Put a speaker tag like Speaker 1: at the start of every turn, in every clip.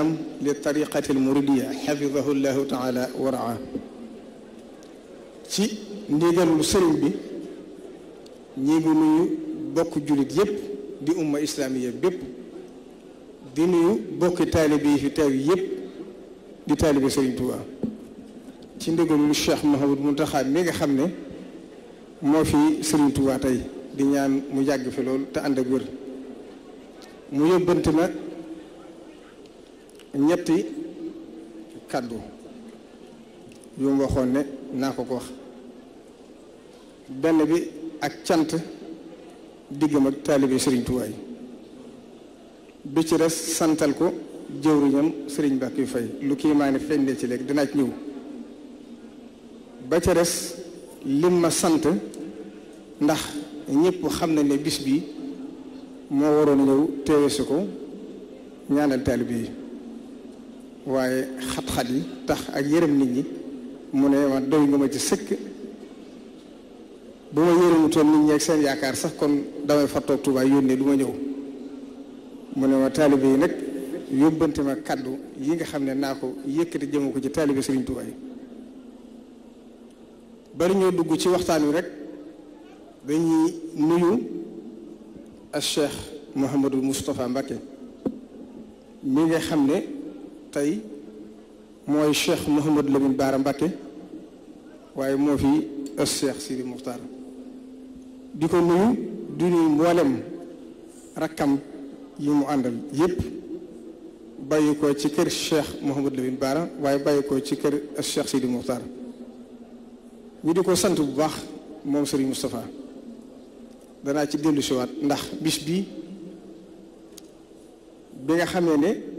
Speaker 1: العام للطريقة المريدية حفظه الله تعالى ورعاه ci ndigalu sëriñ bi ñi ngi nuyu bokk jullit yépp di umma islaamiya bépp di nuyu bokki taalibe yi fi teew yépp di taalibe sëriñ Tuubaa ci ndigalu Cheikh Mahamadou Muntaxa mi nga xam ne moo fi sëriñ tey di ñaan mu yàgg fi lool te ànd ak wér mu yóbbante nag ñetti kàddu yu waxoon ne naa ko ko wax benn bi ak cant diggam ak taalibe sëriñ Tuubaa bi ci des santal ko jëwriñam sëriñ Mbàkke Fay lu kii maa feeñ ne ci lekk dinaa ci ñëw ba ci res lim ma sant ndax ñëpp xam nañ ne bis bi moo waroon ñëw teewe si ko ñaanal taalibe yi waaye xat-xat yi tax ak yërëm nit ñi mu ne ma doy nga ma ci sëkk bu ma yërëmutoon nit ñi ak seen yaakaar sax kon damay fartoog Tuubaa yónnee du ma ñëw mu ne ma taalibe yi nag yóbbante ma kàddu yi nga xam ne naa ko yëkkati jëme ko ci taalibe Sëriñ Tuubaa yi bari ñoo dugg ci waxtaan wi rek dañuy nuyu ak Cheikh Mouhamadou Moustapha Mbacké mi nga xam ne tey mooy Cheikh Mouhamadou Lamine Bara Mbacké waaye moo fi ës Cheikh Sidi Muxtaar di ko nuyu di nuyu rakkam yi mu àndal yépp bàyyi ko ci kër Cheikh Mouhamadou Lamine Bara waaye bàyyi ko ci kër ës Cheikh Sidi Muxtaar ñu di ko sant bu baax moom Serigne Moustapha danaa ci dellu siwaat ndax bis bi bi nga xamee ne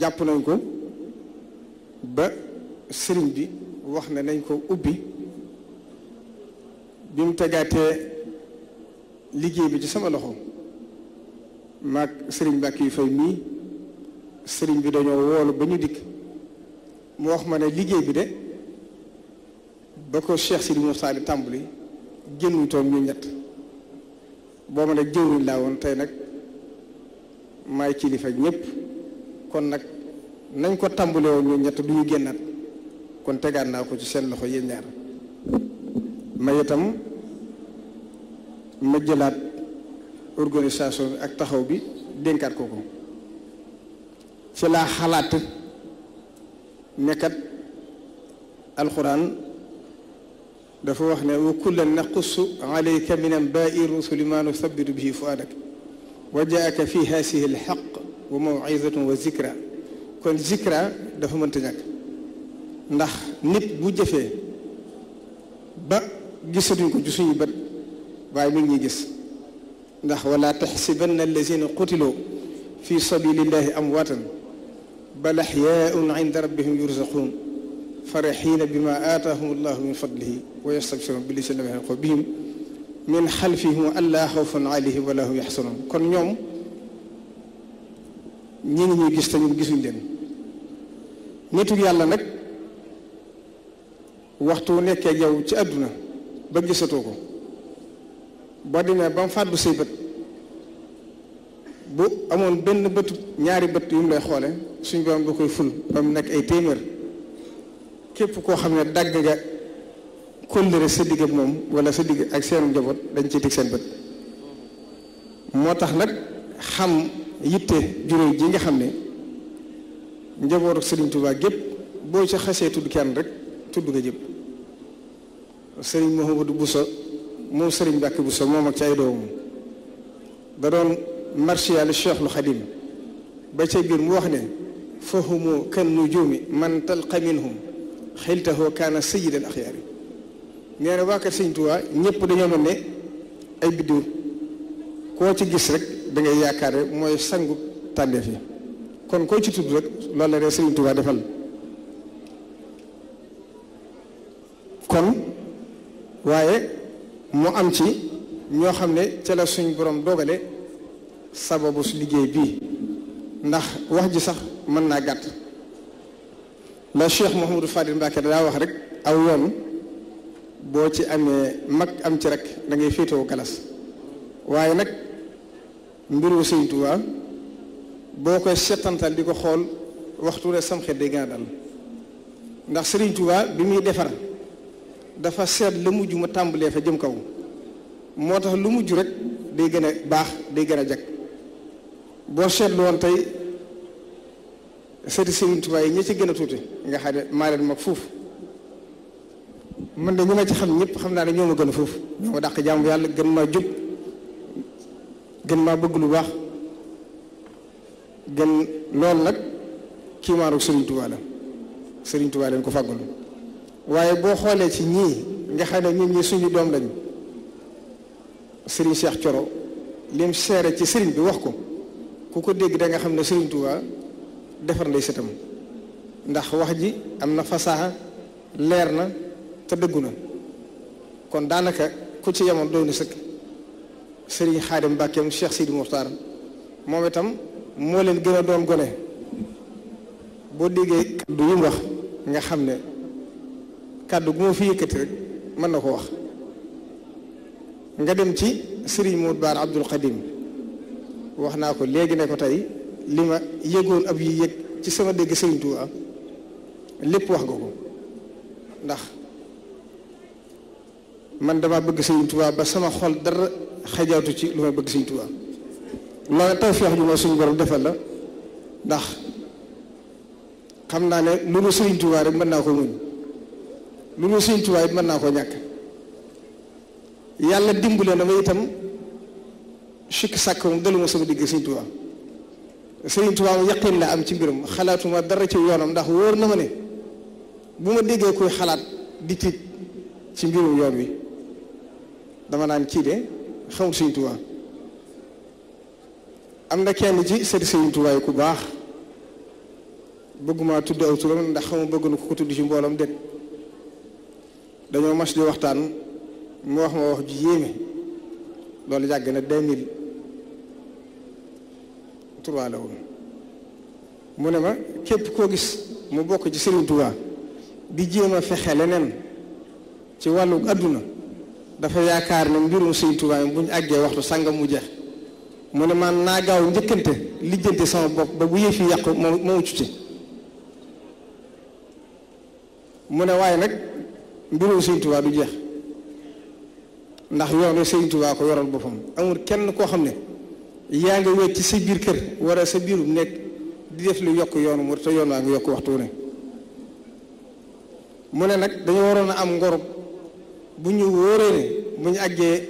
Speaker 1: jàpp nañ ko ba sëriñ bi wax ne nañ ko ubbi bi mu tegaatee liggéey bi ci sama loxo maag sëriñ Mbàkke yu fay mii sëriñ bi dañoo woolu ba ñu dikk mu wax ma ne liggéey bi de ba ko Cheikh Sidi Moussa di tàmbali génn toon ñu ñett boo ma ne jëwriñ laa woon tey nag maay kilifa ñëpp kon nag nañ ko tàmbalee woon ñett du ñu kon tegaat naa ko ci seen loxo yéen ñaar ma itam ma organisation bi ak taxaw bi dénkaat ko ko ci laa xalaat nekkat alxuraan dafa wax ne wa kullan naqussu alayka min anbai rusuli ma nusabitu bihi fuadak wa jaaka fi hasihi alxaq wa mawizatun wa zikra kon zikra dafa mënta ñàkk ndax nit bu jëfee ba gisatuñ ko ci suñu bët waaye mi ngi ñuy gis ndax wala taxsibanna allazina qutiloo fi sabilillahi amwaatan bal axyaaun inda rabbihim yurzaquun farixiina bima aataahum allahu min fadlihi wa yastabsiruun bi lisina xeqo bihim min xalfihim allaa xawfun alayhim wala hum yaxsanoon kon ñoom ñi ngi ñuy gis te ñun gisuñ leen nitu yàlla nag waxtu nekkee yow ci àdduna ba gisatoo ko boo demee ba mu fàddu say bët bu amoon benn bëtu ñaari bët yu mu lay xoole suñ borom da koy ful ba mu nekk ay téeméer képp koo xam ne dagg nga kóllëre sa digg moom wala sa digg ak seenu njaboot dañ ciy teg seen bët moo tax nag xam yitte juróom ji nga xam ne njabootu Serigne Touba gépp boo ci xesee tudd kenn rek tudd nga jëpp Serigne Mouhamadou Bousso moom Serigne moom ak ci ay doomam da doon marsiyaale Cheikhul Xadim ba ca biir mu wax ne fahumu kan nujuumi man talqa minhum xiltahoo kaana sayyidal axyaari nee na waa kër Serigne Touba ñëpp dañoo mel ne ay biddiw koo ci gis rek da ngay yaakaare mooy sangu tàndeef yi kon koy ci tudd rek loolu la dee Sëriñ Tuubaa defal kon waaye mu am ci ñoo xam ne ca la suñ borom dogale sababu su liggéey bii ndax wax ji sax mën naa gàtt la Cheikh Mouhamadou Fadil Mbacke daa wax rek aw yoon boo ci amee mag am ci rek da féetewu féetewoo galas waaye nag mbiru Sëriñ boo koy seetantal di ko xool waxtu rek sam xel day gën a dal ndax sëriñ Touba bi muy defar dafa seet lu mujj mu tàmbalee fa jëm kaw moo tax lu mujj rek day gën a baax day gën a jag boo seetlu woon tey seeti Serigne Touba yi ñi ci gën a tuuti nga xam ne maa leen mag fuuf man de ñu ci xam ñëpp xam naa ne ñoo ma gën a fuuf ñoo ma dàq jàmm yàlla gën maa jub gën maa bëgg lu baax. gën loolu nag kiimaaru Serigne Touba la Serigne leen ko fàggul waaye boo xoolee ci ñii nga xam ne ñun ñi suñu doom lañu Serigne Cheikh Thioro lim seere ci Serigne bi wax ko ku ko dégg da nga xam ne Serigne defar nday setam ndax wax ji am na fasaa leer na te dëggu na kon daanaka ku ci yemoon doon na sëkk Serigne Xaadim Mbàkkeem Cheikh Sidi Muxtaar moom itam. moo leen gën a doon gone boo déggee kaddu yi mu wax nga xam ne kaddu gu ma fi yëkkati rek mën na ko wax nga dem ci Serigne Modou Bara Abdoul Khadim wax naa ko léegi ne ko tey li ma yëgoon ab yi yëg ci sama dégg Serigne Touba lépp wax nga ko ndax man dama bëgg Serigne Touba ba sama xol dara xajaatu ci lu ma bëgg Serigne Touba la tawfeex ju ma suñu borom defal la ndax xam naa ne lu ma sëriñ Tuubaa rek mën naa ko muñ lu mu sëriñ Tuubaa it mën naa koo ñàkk yàlla dimb na ma itam sikk sàkk moom daluma sama digg sëriñ Tuubaa sëriñ Tuubaa mu yaqin la am ci mbirum xalaatuma dara ci yoonam ndax wóor na ma ne bu ma déggee koy xalaat di tiit ci mbirum yoon wi dama naan kii de xamul sëriñ Tuubaa am na kenn ci set Sëriñ Tuubaa ku baax bëgguma tudd aw turam ndax xamu bëgg na ko ko tudd ci mboolam dëkk dañoo mas di waxtaan mu wax ma wax ju yéeme loolu jàgg na deux mille trois la woon mu ne ma képp koo gis mu bokk ci Sëriñ Tuubaa di jéem a fexe leneen ci wàllu àdduna dafa yaakaar ne mbirum Sëriñ Tuubaa yi bu ñu àggee waxtu sàngam mu jeex mu ne man naa gaaw njëkkante lijjante sama bopp ba bu yëf yi yàqu ma ma mucc ci mu ne waaye nag mbirum Sëñ Tuubaa du jeex ndax yoon wi Sëñ Tuubaa ko yoral boppam amul kenn koo xam ne yaa ngi wéet ci sa biir kër wala sa biirum nekk di def lu yokk yoonu mu te yoon waa ngi yokk waxtu wu ne mu ne nag dañu waroon a am ngoro bu ñu wóoree ne bu ñu àggee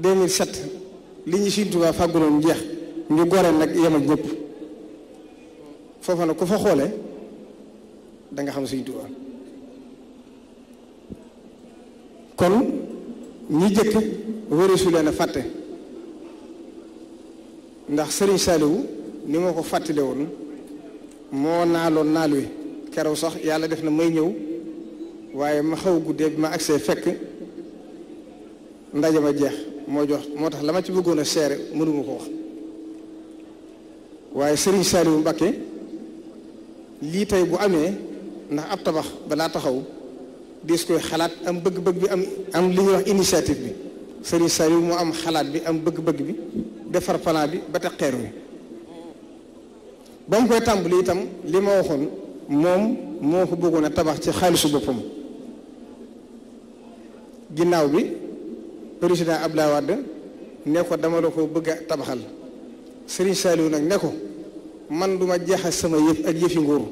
Speaker 1: 2007 li ñu Sëriñ Tuubaa fàgguloon jeex ñu gore nag yemal ñëpp foofa nag ku fa xoole danga xam Sëriñ Tuubaa kon ñi jëkk wërisu leen a fàtte ndax Sëriñ Saaliwu ni ma ko fàttale woon moo naaloon naal wi kerew sax yàlla def na may ñëw waaye ma xaw guddee bi ma agsee fekk ndaje ma jeex moo jox moo tax la ma ci bëggoon a seere mënuma ko wax waaye sëriñ Saliou Mbacké lii tey bu amee ndax ab tabax balaa taxaw dis koy xalaat am bëgg-bëgg bi am am li ñuy wax initiative bi sëriñ Saliou moo am xalaat bi am bëgg-bëgg bi defar plan bi ba teg xeer wi ba mu koy tàmbali itam li ma waxoon moom moo ko bëggoon a tabax ci xaalisu boppam ginnaaw bi président Abdoulaye Wade ne ko dama la ko bëgg a tabaxal sëriñ Saliou nag ne ko man duma jeexal sama yëf ak yëfi nguur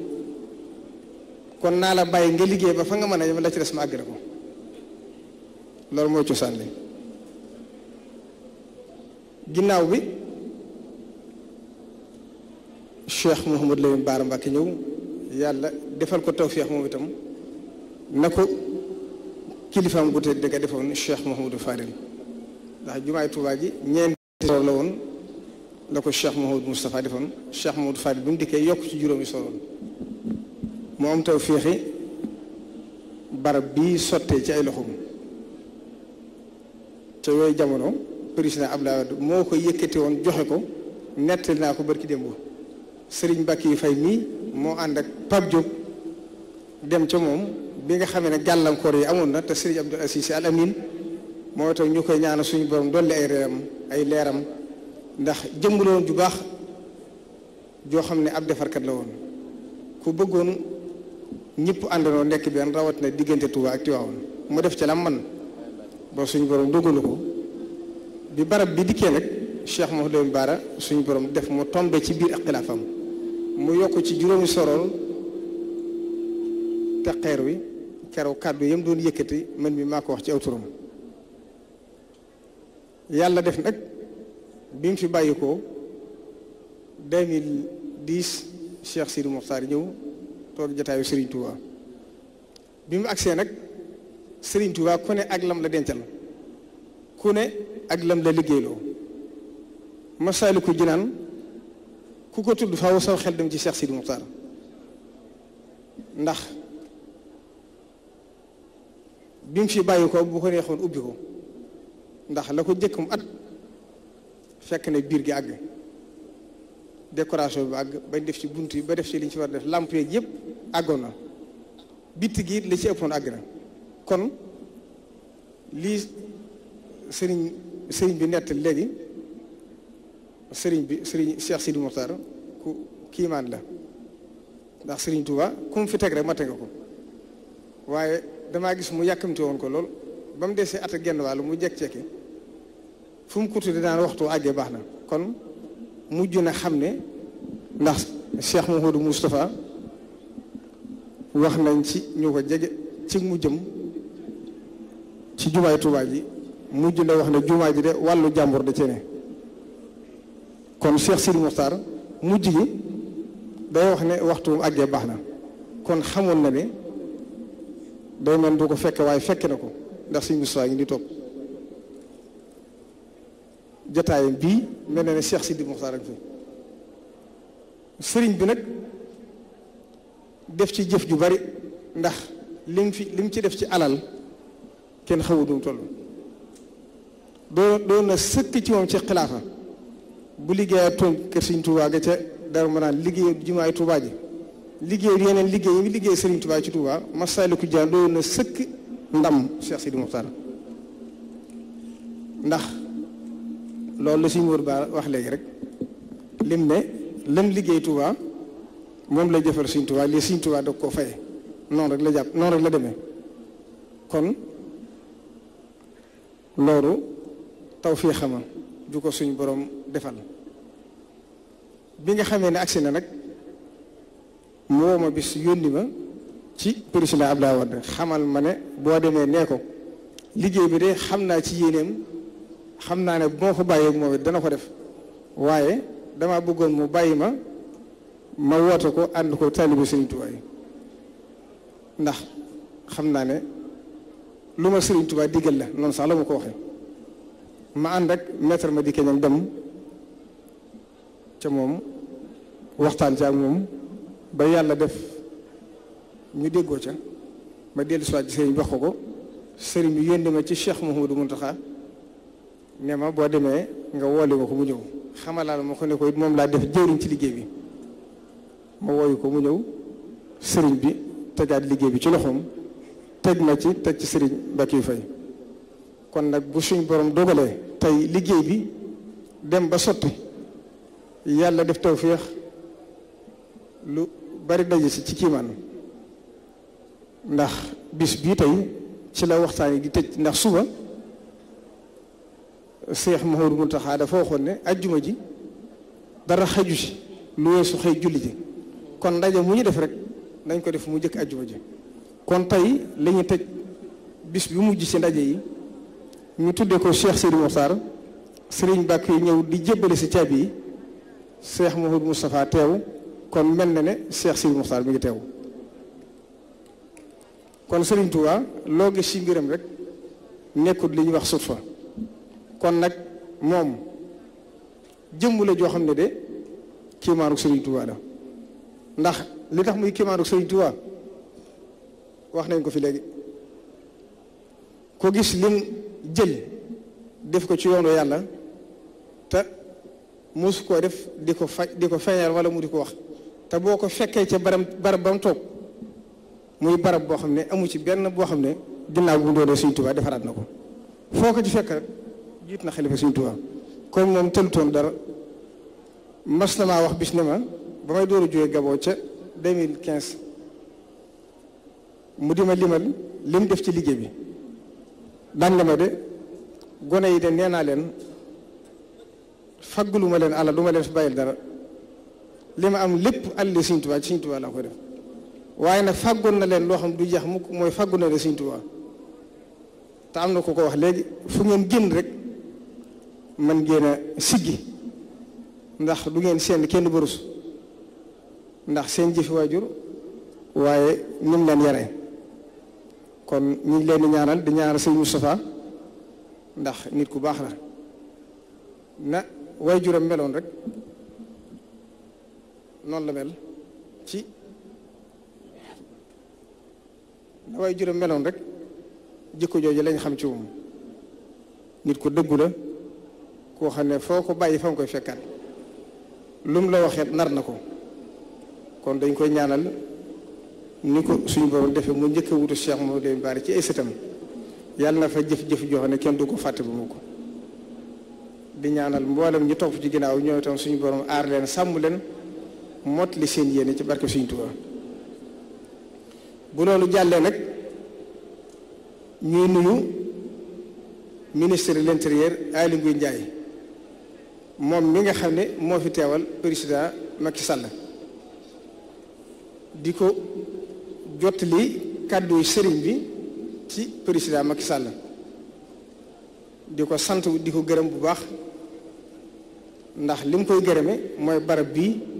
Speaker 1: kon naa la bàyyi nga liggéey ba fa nga mën a yem la ci des ma àggale ko loolu mooy cosaan li ginnaaw bi Cheikh Mouhamadou Lamine Bara Mbacké ñëw yàlla defal ko tawfeex moom itam na ko kilifaam bu tedd nga defoon Cheikh Mouhamadou Fadel ndax jumaay Touba ji ñeenti sor la woon la ko Cheikh Mouhamadou Moustapha defoon Cheikh Mouhamadou Fadel bi mu dikkee yokk ci juróomi soroon moo am taw féexi barab bii sottee ci ay loxoom te yooyu jamono président ab Wade moo ko yëkkati woon joxe ko nettali naa ko barki démb Serigne Mbacke yi fay mii moo ànd ak Pape Diop dem ca moom bi nga xamee ne gàllankoor yi amoon na te sëriñ Abdou Aziz Al Amin moo tax ñu koy ñaanal suñu borom dolli ay reeram ay leeram ndax jëmm la ju baax joo xam ne ab defarkat la woon ku bëggoon ñëpp àndandoo nekk benn rawat na diggante Touba ak Tivaouane mu def ci lam man ba suñu borom dogalu ko bi barab bi dikkee nag Cheikh Mouhamadou Bara suñu borom def mu tombé ci biir ak xilaafam mu yokk ci juróomi sorool te xeer wi keroog kàddu yam doon yëkkati man mi maa ko wax ci aw yàlla def nag bi mu fi bàyyi ko 2010 Cheikh Sidi Mokhtar ñëw toog jataayu Serigne Touba bi mu agsee nag Serigne Touba ku ne ak lam la dencal ku ne ak lam la liggéeyloo Masaalikul Jinaan ku ko tudd faaw saw xel dem ci Cheikh Sidi Mokhtar ndax. bi mu fi bàyyi ko bu ko neexoon ubbi ko ndax la ko jëkkum at fekk na biir gi àgg décoration bi àgg bañ def ci bunt yi ba def ci liñ ci war def làmp yeeg yëpp àggoon na bitti gi li ci ëppoon àgg na kon lii sëriñ sëriñ bi nett léegi sëriñ bi sëriñ Cheikh Sidi Mokhtar ku kiimaan la ndax sëriñ Touba ku fi teg rek nga ko waaye damaa gis mu yàkkamte woon ko lool ba mu desee at genn wàllu mu jekk-jekki fu mu kuti daan waxtu àggee baax na kon mujj na xam ne ndax Cheikh Mouhamadou Moustapha wax nañ ci ñu ko jege ci jëm ci jumaay Tuubaa ji mujj na wax ne jumaa ji de wàllu jàmbur da cee ne kon Cheikh Sidi Mokhtar mujj gi day wax ne waxtu àggee baax na kon xamoon na ne day mel du ko fekke waaye fekke na ko ndax suñu musuwaay ngi di toog jataayam bii mel na ne Cheikh Sidi Mokhtar ak fi sëriñ bi nag def ci jëf ju bari ndax lim fi lim ci def ci alal kenn xawu dum toll doo doon na sëkk ci moom ci xilaafa bu liggéeya toon kër Sëriñ Tuubaa ga ca dara ma naan liggéeya jumaay Tuubaa ji liggéey yeneen liggéey yi ngi liggéey Serigne Touba ci Touba Massalikul Jinaan doon na sëkk ndam Cheikh Sidi Moukhtar ndax loolu la suñu wër ba wax léegi rek lim ne lam liggéey Touba moom lay jëfal Serigne Touba lii Serigne Touba da koo faye noonu rek la jàpp noonu rek la deme kon loolu tawfiix xama du ko suñu boroom defal bi nga xamee ne agsi na nag woo ma bis yónni ma ci président Abdoulaye Wade xamal ma ne boo demee nee ko liggéey bi de xam naa ci yéeneem xam naa ne bu ma ko bàyyee moom it dana ko def waaye dama bëggoon mu bàyyi ma ma woote ko ànd ko taalibu Serigne Touba ndax xam naa ne lu ma Serigne Touba diggal la noonu sax la ma ko waxee ma ànd ak maître ma di keñam dem ca moom waxtaan ca ak moom ba yàlla def ñu déggoo ca ma dellu si waat sëriñ wax ko sëriñ bi yónni ma ci Cheikh Mouhamadou Mountakha ne ma boo demee nga woole ma ko mu ñëw xamalaal ma ko ne ko it moom laa def jëwriñ ci liggéey bi ma wooyu ko mu ñëw sëriñ bi tegaat liggéey bi ci loxoom teg ma ci teg ci ba Mbacke fay kon nag bu suñ borom dogalee tey liggéey bi dem ba sotti yàlla def tawféex lu bari daje si ci kiimaan ndax bis bii tey ci la waxtaan yi di tëj ndax suba Seex Mahmoud Muntaxa dafa waxoon ne ajjuma ji dara xaju si lu weesu xëy julli ji kon ndaje mu ñu def rek nañ ko def mu jëkk ajjuma ji kon tey la ñu tëj bis bi mujj ci ndaje yi ñu tuddee ko Cheikh Sidi Mokhtar Serigne Bakk yi ñëw di jébbale si caabi yi Cheikh Mahmoud Moustapha teew kon mel na ne Cheikh Sidi Mokhtar mi ngi teew kon Serigne loo gis ci mbiram rek nekkut li ñuy wax sut fa kon nag moom jëmm la joo xam ne de kiimaaru Serigne la ndax li tax muy kiimaaru Serigne wax nañ ko fi léegi ko gis lim jël def ko ci yoonu yàlla te mosu koo def di ko faj di ko feeñal wala mu di ko wax te boo ko fekkee ca barab barab ba mu toog muy barab boo xam ne amu ci benn boo xam ne ginnaaw bu doonee suñ Tuubaa defaraat na ko foo ko ci fekk jiit na xalifa suñ Tuubaa kon moom tëltoon dara mas na maa wax bis ne ma ba may dooru jógee Gabon ca mu di ma limal li mu def ci liggéey bi daan na ma de gone yi de nee naa leen faggulu leen àlla duma ma leen fi bàyyil dara li am lépp àlli Sëriñ Tuubaa ci Sëriñ laa koy def waaye nag fàggoon na leen loo xam du jeex mukk mooy fàggoon na leen Sëriñ Tuubaa te am na ko ko wax léegi fu ngeen génn rek man ngeen a siggi ndax du ngeen seen kenn barus ndax seen jëfi waaye ñim leen yare kon ñu ngi leen ñaanal di ñaanal sëñ Moustapha ndax nit ku baax la na waajuram meloon rek noonu la mel ci na waaye juróom meloon rek jikko jooju lañ xam ci moom nit ku dëggu la koo xam ne foo ko bàyyi fa koy fekkaat lum la waxee nar na ko kon dañ koy ñaanal ni ko suñu borom defee mu njëkk a wutu Cheikh Mouhamadou bari ci ay sëtam yàlla na fa jëf-jëf joo xam ne kenn du ko fàtte bu mu ko di ñaanal mboolem ñu topp ci ginnaaw ñoo itam suñu borom aar leen sàmm leen mot li seen yéene ci barke Sëriñ Tuubaa bu loolu jàllee nag ñuy nuyu ministre de l'intérieur Aly Ngouille Ndiaye moom mi nga xam ne moo fi teewal président Macky Sall di ko jottali kàddu sëriñ bi ci président Macky Sall di ko sant di ko gërëm bu baax ndax li mu koy gërëme mooy barab bii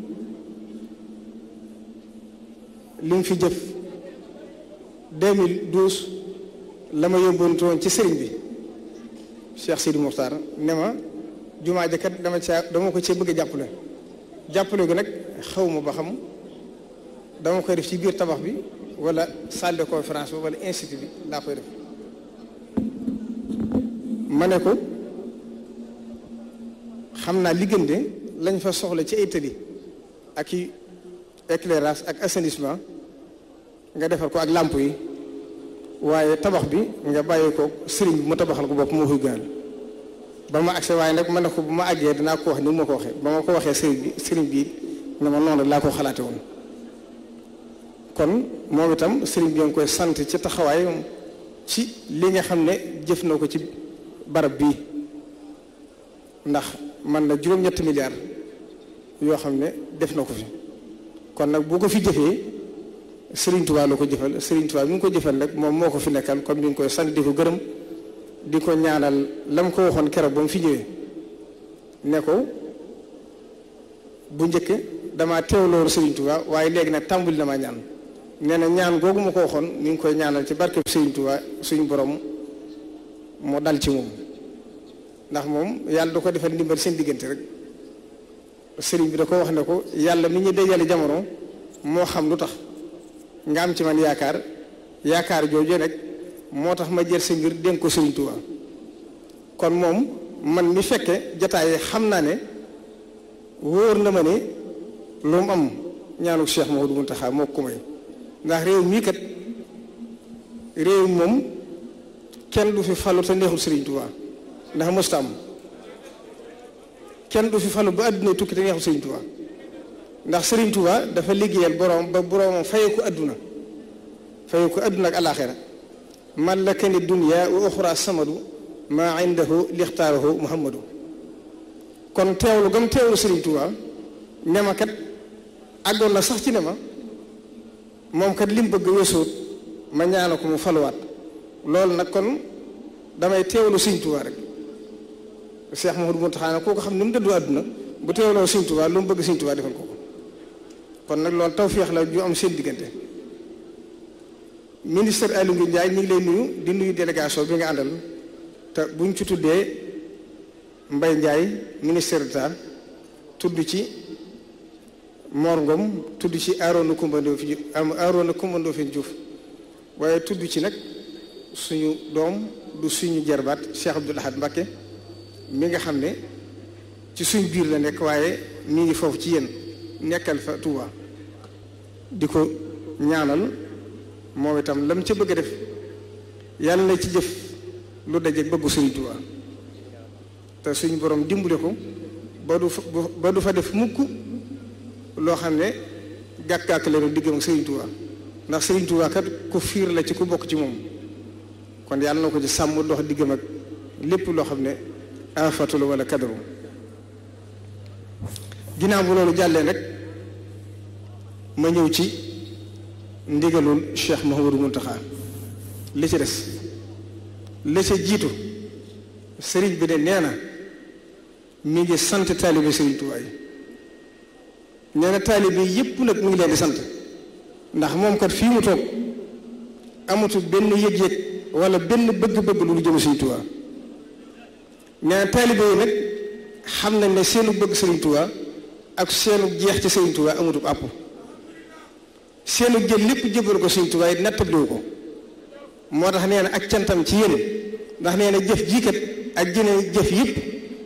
Speaker 1: lu mu fi jëf 2012 la ma yóbbantoon ci sëriñ bi Cheikh Sidi Mokhtar ne ma jumaa ja dama caa dama ko cee bëgg a jàppale jàppale ko nag xaw ma ba xam dama koy def ci biir tabax bi wala salle de conférence ba wala institut bi laa koy def ma ne ko xam naa liggéeyam de lañ fa soxla ci ay tëli ak i éclairage ak assainissement nga defar ko ak làmp yi waaye tabax bi nga bàyyi ko sëriñ bi mu tabaxal ko bopp moo koy gënal ba ma accès waaye nag ma ne ko bu ma àggee dinaa ko wax ni ma ko waxee ba ma ko waxee sëriñ bi sëriñ bi ne ma noonu laa ko xalaate woon kon moom itam sëriñ bi nga koy sant ci taxawaay ci li nga xam ne jëf na ko ci barab bii ndax man na juróom-ñetti milliards yoo xam ne def na ko fi kon nag boo ko fi jëfee Serigne Touba la ko jëfal Serigne Touba mi ngi ko jëfal nag moom moo ko fi nekkal kon mi ngi koy sant di ko gërëm di ko ñaanal la mu ko waxoon keroog ba mu fi ñëwee ne ko bu njëkk damaa teewloon Serigne Touba waaye léegi nag tàmbuli damaa ñaan nee na ñaan googu ma ko waxoon mi ngi koy ñaanal ci barkeb Serigne Touba suñu borom mu dal ci moom ndax moom yàlla du ko defal ndimbal seen diggante rek. sëriñ bi da ko wax ne ko yàlla mi ñu dajale jamono moo xam lu tax nga am ci man yaakaar yaakaar jooju nag moo tax ma jël sa ngir dénk ko sëriñ Tuubaa kon moom man mi fekke jataay xam naa ne wóor na ma ne lu mu am ñaanu Cheikh Mouhamadou Mountakha moo ko may ndax réew mii kat réew moom kenn du fi falu te neexul sëriñ Tuubaa ndax mësta am kenn du fi falu ba àdduna tukki te a Serigne Touba ndax Serigne dafa liggéeyal borom ba boromam fayee ko àdduna fayee ko àdduna ak alaaxira man la kani dunya wa uxra samadu maa indahu lixtaarahu muhammadu kon teewlu gam teewlu Serigne Touba ne kat àggoon na sax ci ne ma moom kat lim bëgg weesuut ma ñaana ko mu faluwaat loolu nag kon damay teewlu Serigne rek. Cheikh Mouhamadou Mountakha nag kooku xam ni mu dëddu àdduna bu teewloo Sëñ Tuubaa lu mu bëgg Sëñ Tuubaa defal ko kon nag loolu tawfeex la ju am seen diggante ministre Aly Ngouille Ndiaye ñi ngi lay nuyu di nuyu délégation bi nga àndal te buñ ci tuddee Mbaye Ndiaye ministère d'État tudd ci morgom Ngom tudd ci Arona Coumba Ndoffène am Arona Coumba Ndoffène Diouf waaye tudd ci nag suñu doom du suñu jarbaat Cheikh Abdoul Ahad Mbacké mi nga xam ne ci suñ biir la nekk waaye mi ngi foofu ci yéen nekkal fa Touba di ko ñaanal moom itam lam ca bëgg a def yàlla na ci jëf lu dajeeg bëggu suñu Touba te suñ boroom dimbale ko ba du fa def mukk loo xam ne gàkk-gàkk la diggam ak Serigne Touba ndax Serigne Touba ko fiir la ci ku bokk ci moom kon yàlla na ko ci sàmm dox diggam ak lépp loo xam ne. afatul wala kadru ginnaaw bu loolu jàllee nag ma ñëw ci ndigalul Cheikh Mouhamadou Mountakha li ci des li ca jiitu sëriñ bi de nee na mi ngi sant taalibe sëriñ Tuubaa yi nee na taalibe yépp nag mu ngi leen di sant ndax moom kat fii mu toog amatul benn yëg-yëg wala benn bëgg-bëgg lu lu jëm sëriñ Tuubaa nee na taalibe nag xam nañ ne seenu bëgg sëriñ ak seenu jeex ci sëriñ Tuubaa amatub àpp seenu jël lépp jëbal ko sëriñ Tuubaa yi ko moo tax nee na ak cantam ci yéen ndax nee nag jëf jii kat ak jëneen jëf yëpp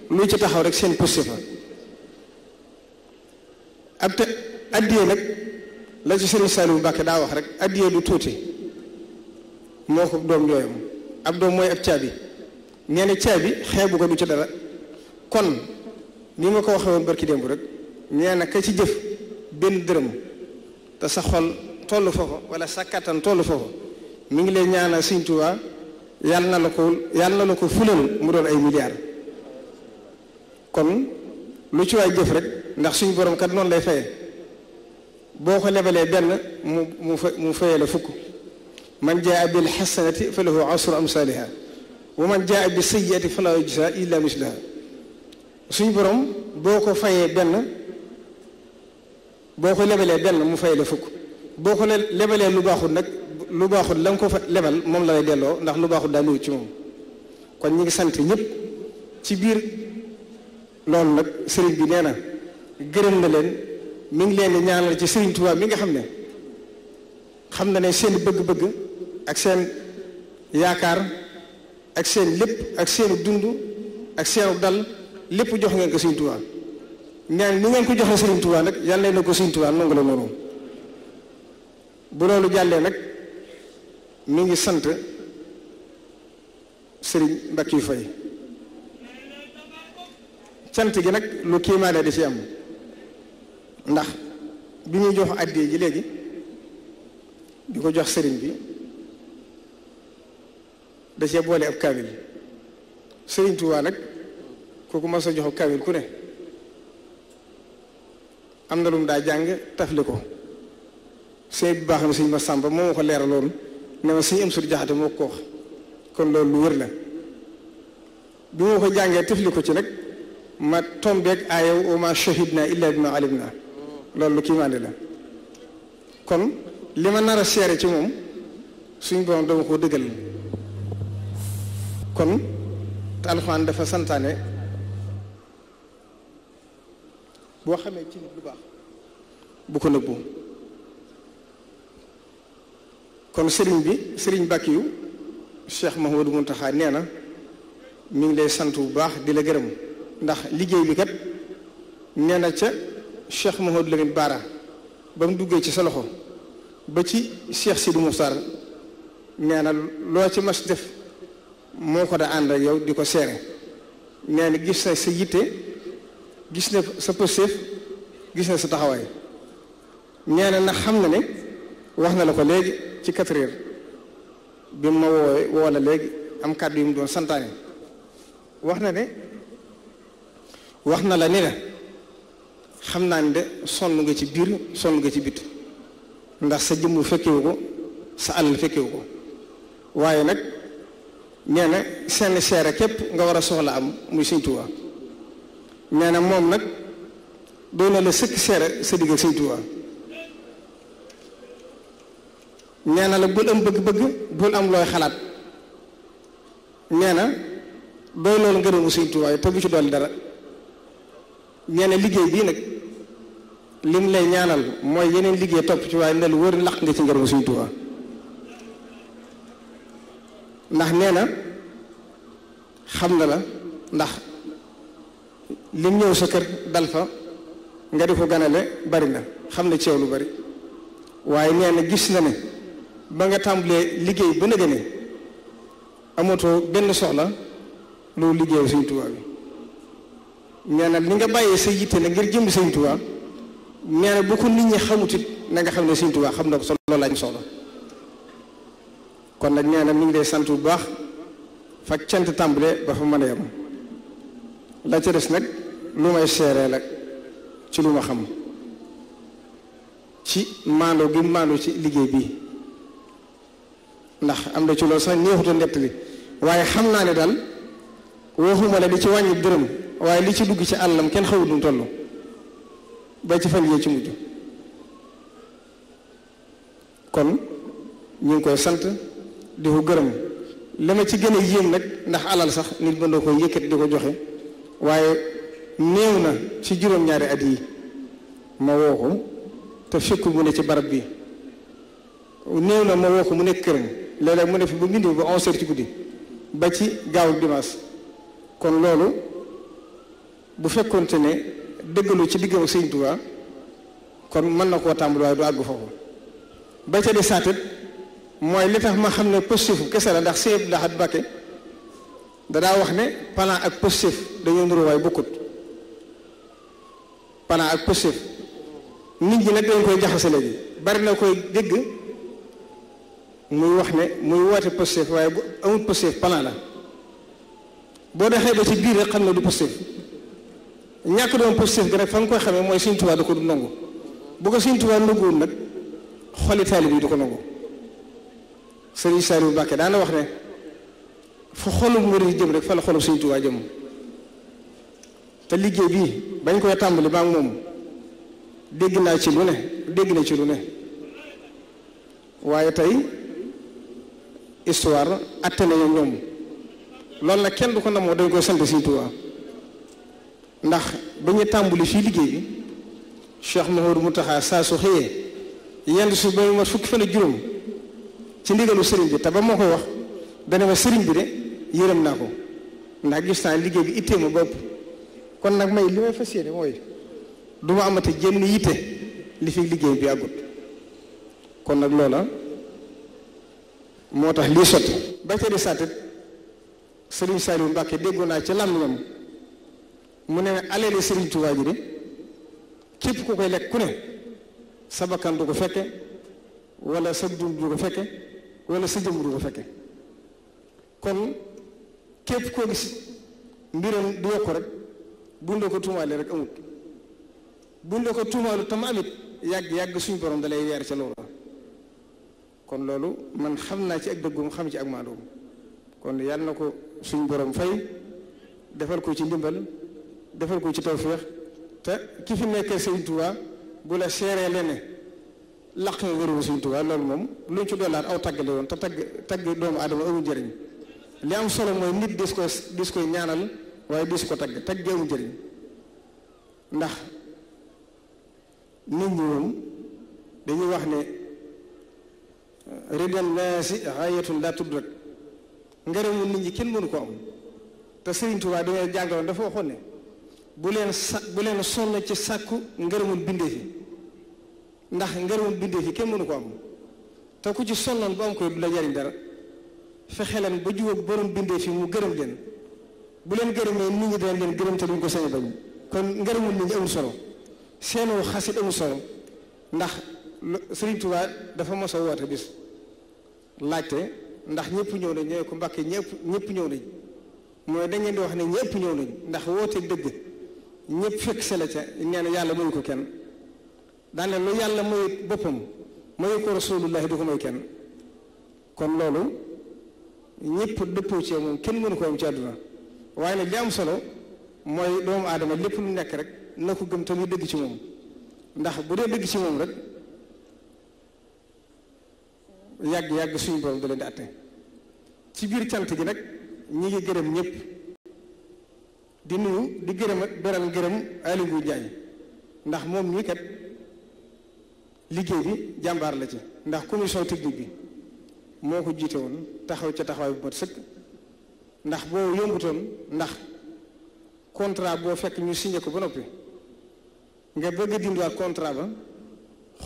Speaker 1: lu ci taxaw rek seen posté fa ab te addiyee nag la ci sëriñ Saliou Mbacke daa wax rek addiyee du tuuti moo ko doom jooyam ab doom mooy ab caabi neen na caabi xeebu ko du ci dara kon ni ma ko waxee woon barki démb rek nee na ka ci jëf benn dërëm te sa xol toll foofu wala sa kattan toll foofu mi ngi lay ñaanal Sëñ Tuubaa yàlla la ko na ko fulal mu doon ay milliards kon lu ci waay jëf rek ndax suñu borom kat noonu lay faye boo ko lebalee benn mu mu mu fayee la fukk man jaa bil hasanati falahu asru amsaliha wa man jaa bi sayyi'atin falaa yujzaa illaa mislahaa suñu borom boo ko fayee benn boo ko lebalee benn mu fay la fukk boo ko lebelee lu baaxul nag lu baaxul la ko fa lebal moom la lay delloo ndax lu baaxul daa ci moom kon ñu ngi sant ñëpp ci biir loolu nag sëriñ bi nee na gërëm na leen mi ngi leen di ñaanal ci sëriñ Tuubaa mi nga xam ne xam na ne seen bëgg-bëgg ak seen yaakaar. ak seen lépp ak seenu dund ak seenu dal lépp jox ngeen ko Sëriñ Tuubaa ñaan ni ngeen ko joxe Sëriñ Tuubaa nag yàlla na ko Sëriñ Tuubaa nangu la noonu bu loolu jàllee nag ñu ngi sant Sëriñ Mbàkke yu fay sant gi nag lu kéemaane da ci am ndax bi muy jox àddee ji léegi di ko jox sëriñ bi da cee boole ab kaamil Sëriñ Tuubaa nag kooku ma a jox ab kaamil ku ne am na lu mu daa jàng tafli ko sëñ bu baax na suñ ma sàmba moo ma ko leeraloon ne ma sëñ am sur jaxate moo ko kon loolu lu wër la bi ma ko jàngee tafli ko ci nag ma tombeeg aayow ma shahid naa illa bima alim naa loolu lu kiimaande la kon li ma nar a seere ci moom suñ borom dama koo dëggal kon te dafa santaane boo xamee ci nit lu baax bu ko nëbbu kon sëriñ bi sëriñ Bakiyu Cheikh Mahmoudou Mountakha nee na mi ngi lay sant bu baax di la gërëm ndax liggéey bi kat nee na ca Cheikh Mahmoudou Lamine Baara ba mu duggee ci sa loxo ba ci Cheikh Sidou Moussar nee na loo ci mas def moo ko daa ànd yow di ko seere nee na gis na sa yitte gis na sa pëstéef gis na sa taxawaay nee na nag xam na ne wax na la ko léegi ci quatre heures bi ma woowee woo la léegi am kàddu yu mu doon santaane wax na ne wax na la ni la xam naa ne de sonn nga ci biir sonn nga ci biti ndax sa jëmm fekkewu ko sa alal fekkewu ko waaye nag nee na seen seere képp nga war a soxla am muy sëñ Tuubaa nee na moom nag doo na la sëkk seere sa digg ak sëñ Tuubaa na la bul am bëgg-bëgg bul am looy xalaat nee na doy loolu ngërëmu sëñ Tuubaa te bu ci dool dara nee na liggéey bii nag lim lay ñaanal mooy yeneen liggéey topp ci waaye ndel wër laq nga ci ngërëmu sëñ Tuubaa ndax nee na xam na la ndax lim ñëw sa kër dal fa nga di ko ganale bari na xam na ceew lu bari waaye nee na gis na ne ba nga tàmbalee liggéey ba nëgë ne amatoo benn soxla loolu liggéeyu Sëñ Tuubaa bi nee na li nga bàyyee sa yitte na ngir jëm Sëñ Tuubaa nee na bu ko nit ñi xamutit na nga xam ne Sëñ Tuubaa xam na ko sa loolu lañ soxla kon nag nee na mi ngi lay sant bu baax fak cant tàmbale ba fa mën a yem la ca des nag lu may seeree la ci lu ma xam ci maandoo gi maandoo ci liggéey bi ndax am na ci loolu sax neexuta nettali waaye xam naa ne daal waxuma la di ci wàññi gërëm waaye li ci dugg ci àllam kenn xawut nu toll ba ci fan yee ci mujj kon ñu ngi koy sant di ko gërëm la ma ci gën a yéem nag ndax alal sax nit ba doo ko yëkkat di ko joxe waaye néew na ci juróom-ñaari at yi ma woo ko te fekk mu ne ci barab bi néew na ma woo ko mu nekk këram léeg-léeg mu ne fi ba mindi ba onze heures ci guddi ba ci gaawu dimanche kon loolu bu fekkonte ne dëggalu ci diggam Sëriñ Tuubaa kon mën na koo tàmbali waaye du àgg foofu ba ca di saatat mooy li tax ma xam ne positif kese la ndax Sëñ Abdou Lahad Mbacké dadaa wax ne plan ak positif dañoo nuru waay bokkut plan ak positif nit ñi nag dañ koy jaxase bi bari na koy jëgg muy wax ne muy woote positif waaye bu amul positif plan la boo doxee ba ci biir rek xam ne du positif ñàkk doon positif gi nag fa nga koy xamee mooy Sëñ Tuubaa da ko du nangu bu ko Sëñ Tuubaa nanguwul nag xoli taali bi du ko nangu sëriñ bu Mbacke daana wax ne fu xolum murid jëm rek fa la xolum Sëriñ Tuubaa jëm te liggéey bii bañ koy tàmbali baa ak moom dégg naa ci lu ne dégg na ci lu ne waaye tey histoire atte nañu ñoom loolu na kenn du ko namoo dañ koy sant Sëriñ Tuubaa ndax ba ñu tàmbali fii liggéey bi Cheikh Mouhamadou Mountakha saa su xëyee yenn su ba mat fukki fan ak juróom ci ndigalu sëriñ bi te ba moo koy wax dana ma sëriñ bi de yërëm naa ko ndax gis naa liggéey bi ittee ma bopp kon nag may li may fas yéene mooy du ma amati jenn yitte li fi liggéey bi àggut kon nag loola moo tax lii sotti ba ca di sàttit sëriñ Saliou Mbacke déggoon naa ci làmmiñam mu ne aleele sëriñ Touba de képp ku koy lekk ku ne sa bakkan du ko fekke wala sa dund du ko fekke wala sa jëmm du ko fekke kon képp koo gis mbiram di yokk rek buñ la ko tuumaalee rek amut buñ la ko tuumaalu tam amit yàgg yàgg suñ borom dalay yar ca loolu kon loolu man xam naa ci ak dëggum xam ci ak maandoom kon yàlla na ko suñ borom fay defal ko ci ndimbal defal ko ci tawféex te ki fi nekkee Sëriñ Tuubaa bu la seeree lene laq nga ngërëmu Sëriñ Tuubaa loolu moom luñ ci dollaat aw tagg la woon te tagg tagg doomu aadama amul njëriñ li am solo mooy nit dis ko dis koy ñaanal waaye dis ko tagg tagg amul njëriñ ndax nit ñi moom dañuy wax ne euh, ridan naasi xayatun laa tudrak ngërëmu nit ñi kenn mënu ko am te Sëriñ Tuubaa dañoo jàngaloon dafa waxoon ne bu leen sa bu leen sonn ci sàkku ngërëmul bindee fi ndax ngërëmu bindee fi kenn mënu ko am te ku ci sonnoon ba am ko du la jariñ dara fexe leen ba jubóog borom bindee fi mu gërëm leen bu leen gërëmee nit ñi dañ leen gërëm te duñ ko sañ bañ kon ngërëmul nit ñi amul solo seenoo xasit amul solo ndax Sëriñ dafa mos a woote bis laajte ndax ñëpp ñëw nañ ñooy ko mbàkke ñëpp ñëpp ñëw nañ mooy dañ leen di wax ne ñëpp ñëw nañ ndax woote dëgg ñëpp fekk sele ca nee na yàlla mënu ko kenn daane lu yàlla mayut boppam mayu ko rasulullahi du ko may kenn kon loolu ñëpp dëppoo ci moom kenn mënu ko am ci àdduna waaye nag li am solo mooy doomu aadama lépp lu nekk rek na ko gëm te muy dëgg ci moom ndax bu dee dëgg ci moom rek yàgg-yàgg suñu borom da di atte ci biir cant gi nag ñi ngi gërëm ñépp di nuyu di gërëm ak beral gërëm Aliou Ndiaye ndax moom ñii kat liggéey bi jàmbaar la ci ndax commission technique bi moo ko jiite woon taxaw ca taxawaay bu mat sëkk ndax boo yombutoon ndax contrat boo fekk ñu signé ko ba noppi nga bëgg dindiwaat contrat ba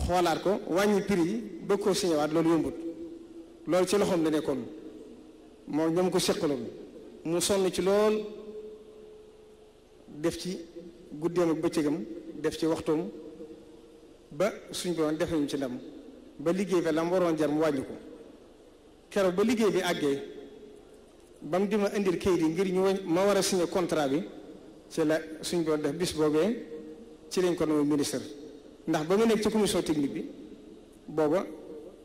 Speaker 1: xoolaat ko wàññi prix yi bëgg koo signé loolu yombut loolu ci loxoom la nekkoon moom ñoom ko seqaloon mu sonn ci lool def ci guddeem ak bëccëgam def ci waxtoom ba suñ borom def nañu ci ndam ba liggéey bi la mu waroon jar mu wàññi ko keroog ba liggéey bi àggee ba mu di ma indil kayit yi ngir ñu ma war a signé contrat bi ci la suñ borom def bis boobee ci lañ ko nommé ministre ndax ba mu nekk ci commission booba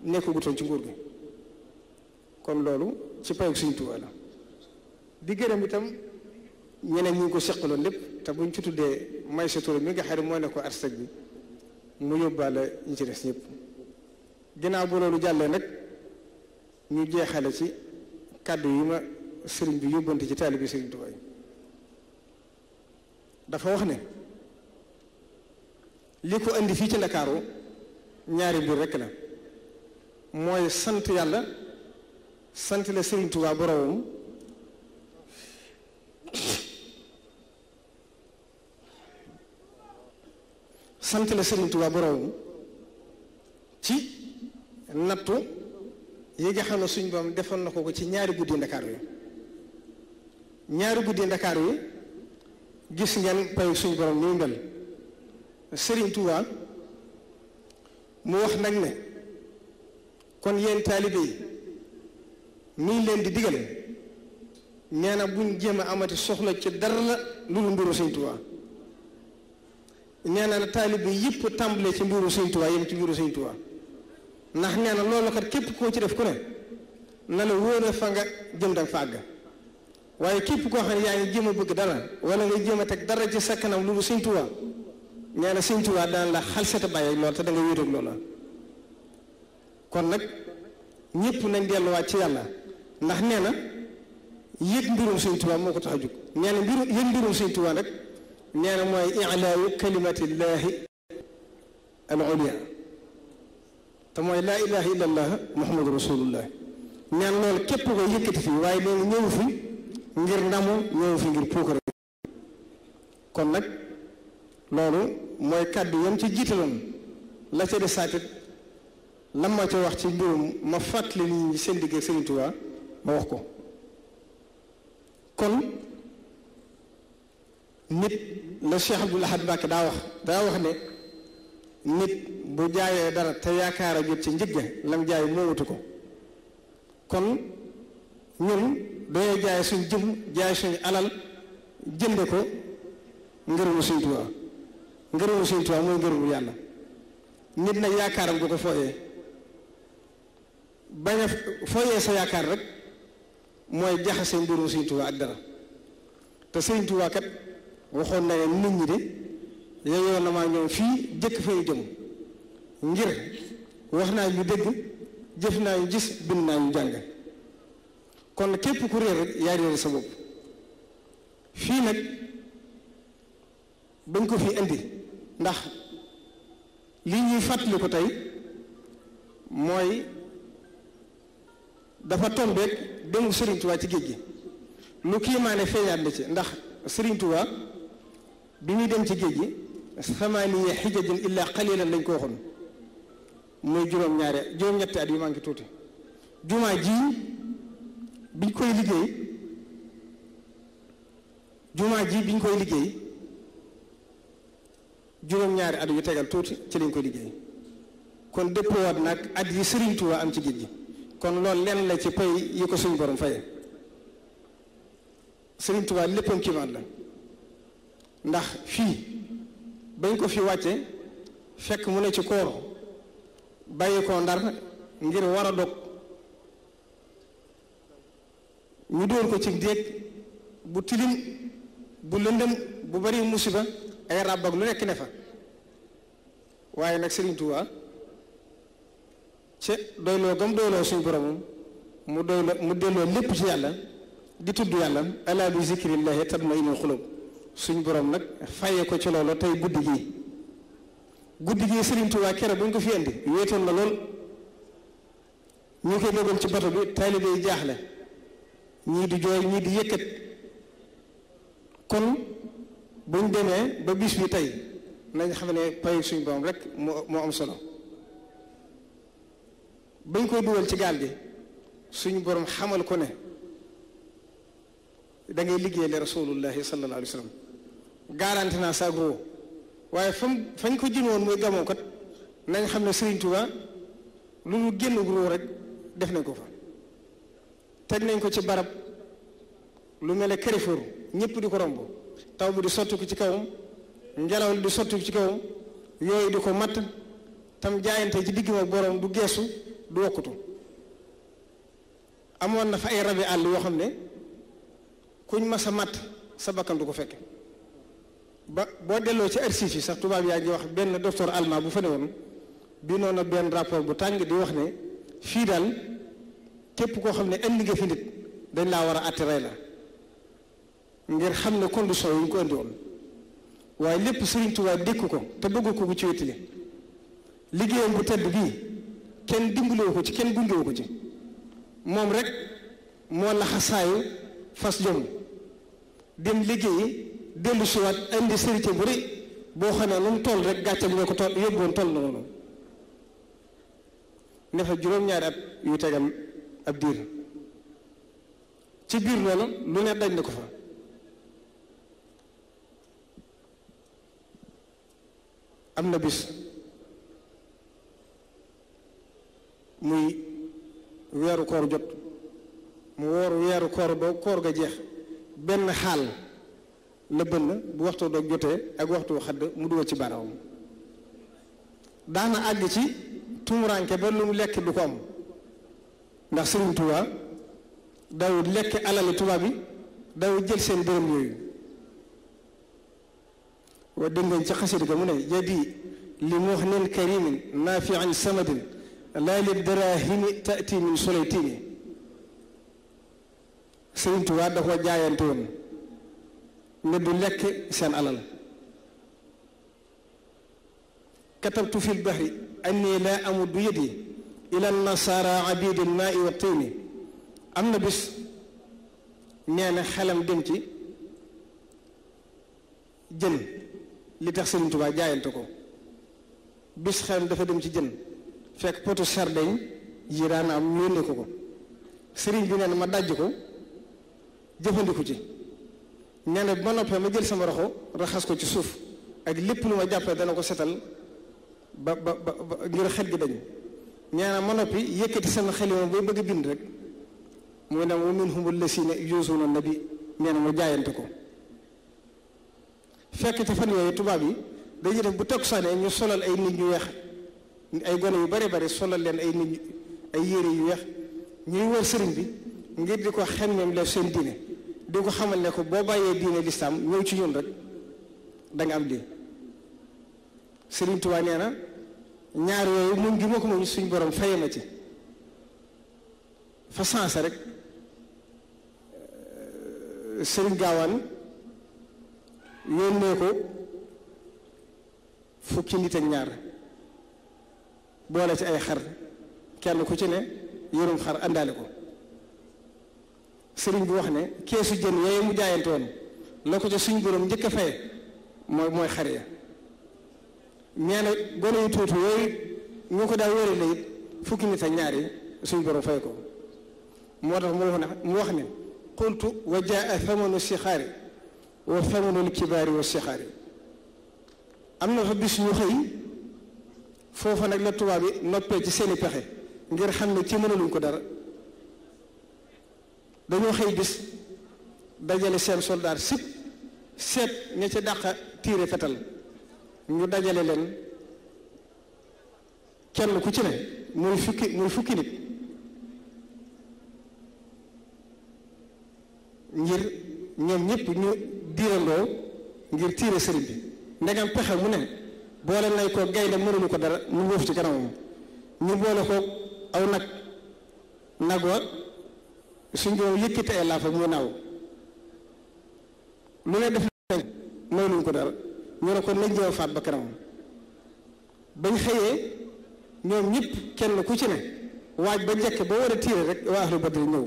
Speaker 1: nekkagutoon ci nguur gi kon loolu ci payoog suñ Tuubaa la di gërëm itam ñeneen ñu ngi ko seqaloon lépp te buñ ci tuddee may sa tur mi nga xam ne ko nekkoon bi. mu yóbbaale ñi ci des ñëpp ginnaaw bu jàllee nag ñu jeexale ci kàddu yi ma sëriñ bi yóbbante ci taalibi sëriñ Tuubaa dafa wax ne li ko indi fii ci ndakaaru ñaari mbir rekk la mooy sant yàlla sant la sëriñ Tuubaa boroomam sant la Sëriñ Tuubaa boroom ci nattu yi nga xam ne suñ boom defoon na ko ko ci ñaari guddi ndakaar yi ñaari guddi ndakaar yi gis ngeen pay suñ borom ni mu mel Sëriñ Tuubaa mu wax nag ne kon yéen taalibe yi nuñ leen di digal nee na buñ jéem amati soxla ci dara la lu lu mbiru Sëriñ Tuubaa nee na taalibe yëpp tàmbalee ci mbiru Sëñ Tuubaa yem ci mbiru Sëñ Tuubaa ndax nee na loolu kat képp koo ci def ku ne na la wóor a fa nga jëm da fa àgg waaye képp koo xam ne yaa ngi jéem a bëgg dara wala nga jéem a teg dara ci sa kanam lu mu Sëñ Tuubaa nee na Sëñ Tuubaa daan la xalseta bàyyi lool te da nga wéeru ak loola kon nag ñëpp nañ delluwaat ci yàlla ndax nee na yëg mbirum Sëñ Tuubaa moo ko tax a jóg nee na mbiru yëg mbirum Sëñ Tuubaa rek nee na mooy ilaayu kalimatillahi al ulya te mooy laa ilaha illa allah muhammadu rasulullah neen loolu képp ko yëkkati fii waaye léegi ñëw fi ngir ndamu ñëw fi ngir puukare kon nag loolu mooy kàddu yam ci jiitaloon la ca des saatit lan wax ci mbirum ma fàttali nit ñi seen digg ak Sëriñ Tuubaa wax ko kon nit la Cheikh Abdoul Ahad Mbacké daa wax daa wax ne nit bu jaayee dara te yaakaar a jot ci njëg ga lam jaay moowutu ko kon ñun dañoo jaay suñ jëm jaay suñu alal jënde ko ngërëmu Sëñ Tuubaa ngërëmu Sëñ Tuubaa mooy ngërëmu yàlla nit nag yaakaaram bu ko fooyee bañ fooyee sa yaakaar rek mooy jaxase mbirum Sëñ Tuubaa ak dara te Sëñ kat waxoon na leen nit ñi de yeyoo na maa ñoom fii jëkk fay jëm ngir wax naa ñu dégg jëf naa ñu gis bind naa ñu jàng kon képp ku réer rek yaa réer sa bopp fii nag bañ ko fi indi ndax li ñuy fàttali ko tey mooy dafa tombeek demu Sëriñ ci géej gi lu kiimaane feeñaat na ci ndax Sëriñ bi ñuy dem ci géej gi samaaniya xijajin illa qalilan lañ ko waxoon mooy juróom-ñaari juróom-ñetti at yu maa ngi tuuti jumaa jii biñ koy liggéey jumaa ji biñ koy liggéey juróom-ñaari at yu tegal tuuti ci lañ koy liggéey kon dëppoowaat nag at yi Sëriñ Tuubaa am ci géej gi kon loolu lenn la ci pay yi ko suñu borom faye Sëriñ Tuubaa léppam kiimaan la ndax fii bañ ko fi wàcce fekk mu ne ci koor bàyyi ko ndar ngir war a dog ñu dóor ko ci déeg bu tilim bu lëndëm bu bari musiba ay ràbb ak lu nekk ne fa waaye nag Sëriñ Tuubaa ci doyloo gam doyloo suñu boromam mu doyloo mu delloo lépp ci yàlla di tudd yàlla ala bi zikrillahi tatma'innul qulub suñ borom nag fayee ko ci la tey guddi gi guddi gi Serigne Touba kere bu ñu ko fi indi wéetoon na lool ñu koy dogal ci bato bi taalibe yi jaaxle ñii di jooy ñii di yëkkat kon buñ demee ba bis bi tey nañ xam ne payu suñ borom rek moo am solo bañ koy dugal ci gaal gi suñ borom xamal ko ne dangay ngay liggéey le rasulullahi sallallahu alayhi wa garanti naa sa agro waaye fam fañ ko jëmoon muy gamoo kat nañ xam ne Sëriñ Tuba lu mu génn gro rek def nañ ko fa teg nañ ko ci barab lu mel ne Carrefour ñëpp di ko romb taw bi di sotti ci kawam ngelaw li di sotti ci kawam yooyu di ko matt tam jaayante ci digg ma borom du geesu du wokkutu amoon na fa ay rabi àll yoo xam ne kuñ mas a mat sa bakkan du ko fekke ba boo delloo ci archives yi sax tubaab yaa ngi wax benn docteur allemand bu fa ne woon bi noonu na benn rapport bu tàng di wax ne fii daal képp koo xam ne indi nga fi nit dañ laa war a àtte rey la ngir xam ne condition yi ñu ko indi woon waaye lépp Sëriñ Tuubaa dékk ko te bëgg ko bu ci wéttali liggéeyam bu tedd bii kenn dimbalewu ko ci kenn gungewu ko ci moom rek moo laxasaayu fas jom dem liggéeyi dellu siwaat indi sérité bu rëy boo xamee lu mu tool rek gàcce ñoo ko toll yóbboon toll na noonu ne fa juróom-ñaari at yu tegam ab diir ci biir noonu lu ne daj na ko fa am na bis muy weeru koor jot mu woor weeru koor ba koor ga jeex benn xaal la bënn bu waxtu doog jotee ak waxtu xadd mu dugal ci baaraam daana àgg ci tumuranke ba lu mu lekk du ko am ndax Sëriñ Tuubaa daawut lekk alali tubaab bi daawut jël seen dërëm yooyu waa dégg ngeen ci xasida ga mu ne jadi li muxnin karimin naafiin samadin laa li daraahimi taati min solaytini Sëriñ Tuubaa da ko jaayante woon ne du lekk seen alal katabtu fil bahri anni laa amuddu yadi am na bis nee xelam dem ci jën li tax Sëriñ Tuubaa jaayante ko bis xelam dafa dem ci jën fekk potu sardeñ yi daan am yónnee ko ko sëriñ bi neen ma dajj ko jëfandiku ci nee na ba noppee ma jël sama raxo raxas ko ci suuf ak lépp lu ma jàppee dana ko setal ba ba ba ngir xet gi dañ ñaana ma noppi yëkkati sama xelima bay bëgg a bind rek muy ne wa minhum lasina yuzuuna nabi nee na mu jaayante ko fekk ci fan yooyu tubaab yi dañuy def bu teg saanee ñu solal ay nit ñu weex ay gone yu bare bare solal leen ay nit ay yére yu weex ñuy wër sëriñ bi ngir di ko xemmeem leef seen diine di ko xamal ne ko boo bàyyee diine lislaam ñëw ci ñun rek da nga am lii Sëriñ nee na ñaar yooyu muñ gi ma ko muñ suñ borom faye na ci fa sens rek euh, Sëriñ Gaawaan yónnee ko fukki nit ak ñaar boole ci ay xar kenn ku ci ne yërum xar àndaale ko sëriñ bi wax ne keesu jën yooyu mu jaayante woon la ko ca suñ borom njëkk a fay mooy mooy xar ya ñee ne gone yu tuuti yooyu ñoo ko daa wëri lay fukki nit ak ñaari suñ borom fay ko moo tax mu wax ne mu wax ne qultu wa jaa famanu sixaari wa famanul kibaari si sixaari am na fa bis ñu xëy foofa nag la tubaab yi noppee ci seeni pexe ngir xam ne ci mënaluñ ko dara dañoo xëy bis dajale seen soldaar sip seet ña ci dàqa tiire fetal ñu dajale leen kenn ku ci ne muy fukki muy fukki nit ngir ñoom ñëpp ñu diirandoo ngir tiire sëriñ bi ndegam pexe mu ne boole nay ko gaynde mënuñu ko dara mu wóof ci kanamam ñu boole ko aw nag nag wa suñ borom yëkkati ay laafa mu naaw lu ne def may luñ ko dara ñu ne kon nañ ñëw faat ba kanam bañ xëyee ñoom ñëpp kenn ku ci ne waaj ba njëkk ba war a tiire rek waa ahlu badri ñëw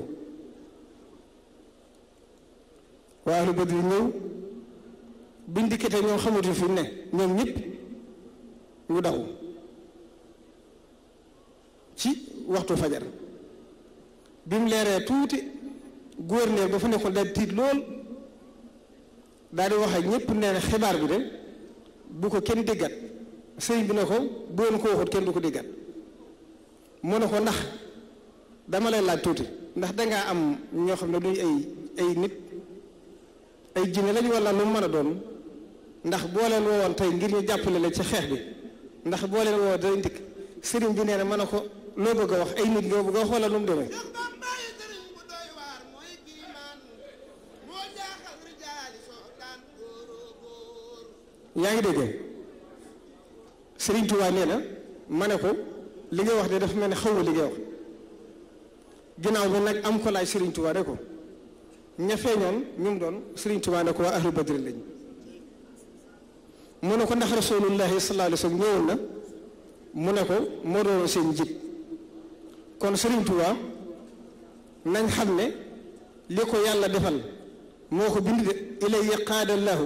Speaker 1: waa ahlu badri ñëw biñ dikkatee ñoom xamatu fi ne ñoom ñëpp ñu daw ci waxtu fajar bi mu leeree tuuti gouverneur ba fa nekkoon daal tiit lool daal di wax ak ñëpp nee na xibaar bi de bu ko kenn dëggat sëñ bi ne ko bu leen ko waxut kenn du ko déggat mu ne ko ndax dama lay laaj tuuti ndax dangaa am ñoo xam ne duñu ay ay nit ay jinne lañu walla lu mën a doon ndax boo leen woowoon tey ngir ñu jàppale la ci xeex bi ndax boo leen woowoon danañ dikk sëriñ bi nee na mën a ko loo bëgg a wax ay nit nga bëgg a wax wala nu mu demee yaa ngi dégg Serigne Touba nee na ma ne ko li nga wax de dafa mel ni xaw ma li nga wax ginnaaw bi nag am ko laaj Serigne Touba ne ko ña ñoom ñu mu doon Serigne Touba ne ko waa ahlu badri mu ne ko ndax rasulullahi sallallahu ñëwoon na mu ne ko moo doon seen jib kon Serigne nañ xam ne li ko yàlla defal moo ko bind de ilayya qaadallahu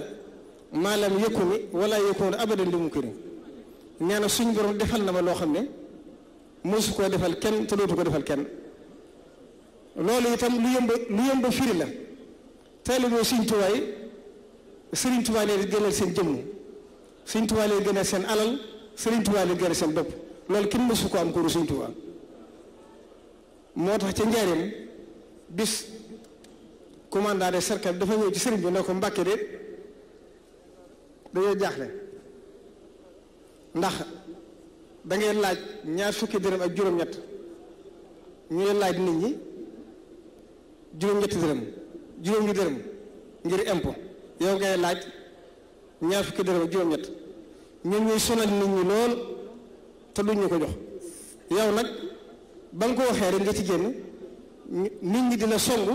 Speaker 1: maa lam yakuni wala yakunu abadan li mumkini nee na suñ borom defal na ma loo xam ne mosu koo defal kenn te dootu ko defal kenn loolu itam lu yëmba lu yëmba firi la taalibe Serigne Touba yi Serigne Touba leen gënal seen jëmm Serigne Touba leen gënal seen alal Serigne Touba leen gënal seen bopp loolu kenn mosu ko am ko ru Serigne Touba moo tax ci njaareem bis commandant de cercle dafa ñëw ci sëriñ bi ne ko mbàkke de dañoo jaaxle ndax da ngay laaj ñaar fukki dërëm ak juróom-ñett ñu ngi laaj nit ñi juróom-ñetti dërëm juróom-ñi dërëm ngir impôt yow ngay laaj ñaar fukki dërëm ak juróom-ñett ñun sonal nit ñi lool te duñ ko jox yow nag. ba nga ko waxee rek nga ci génn nit ñi dina song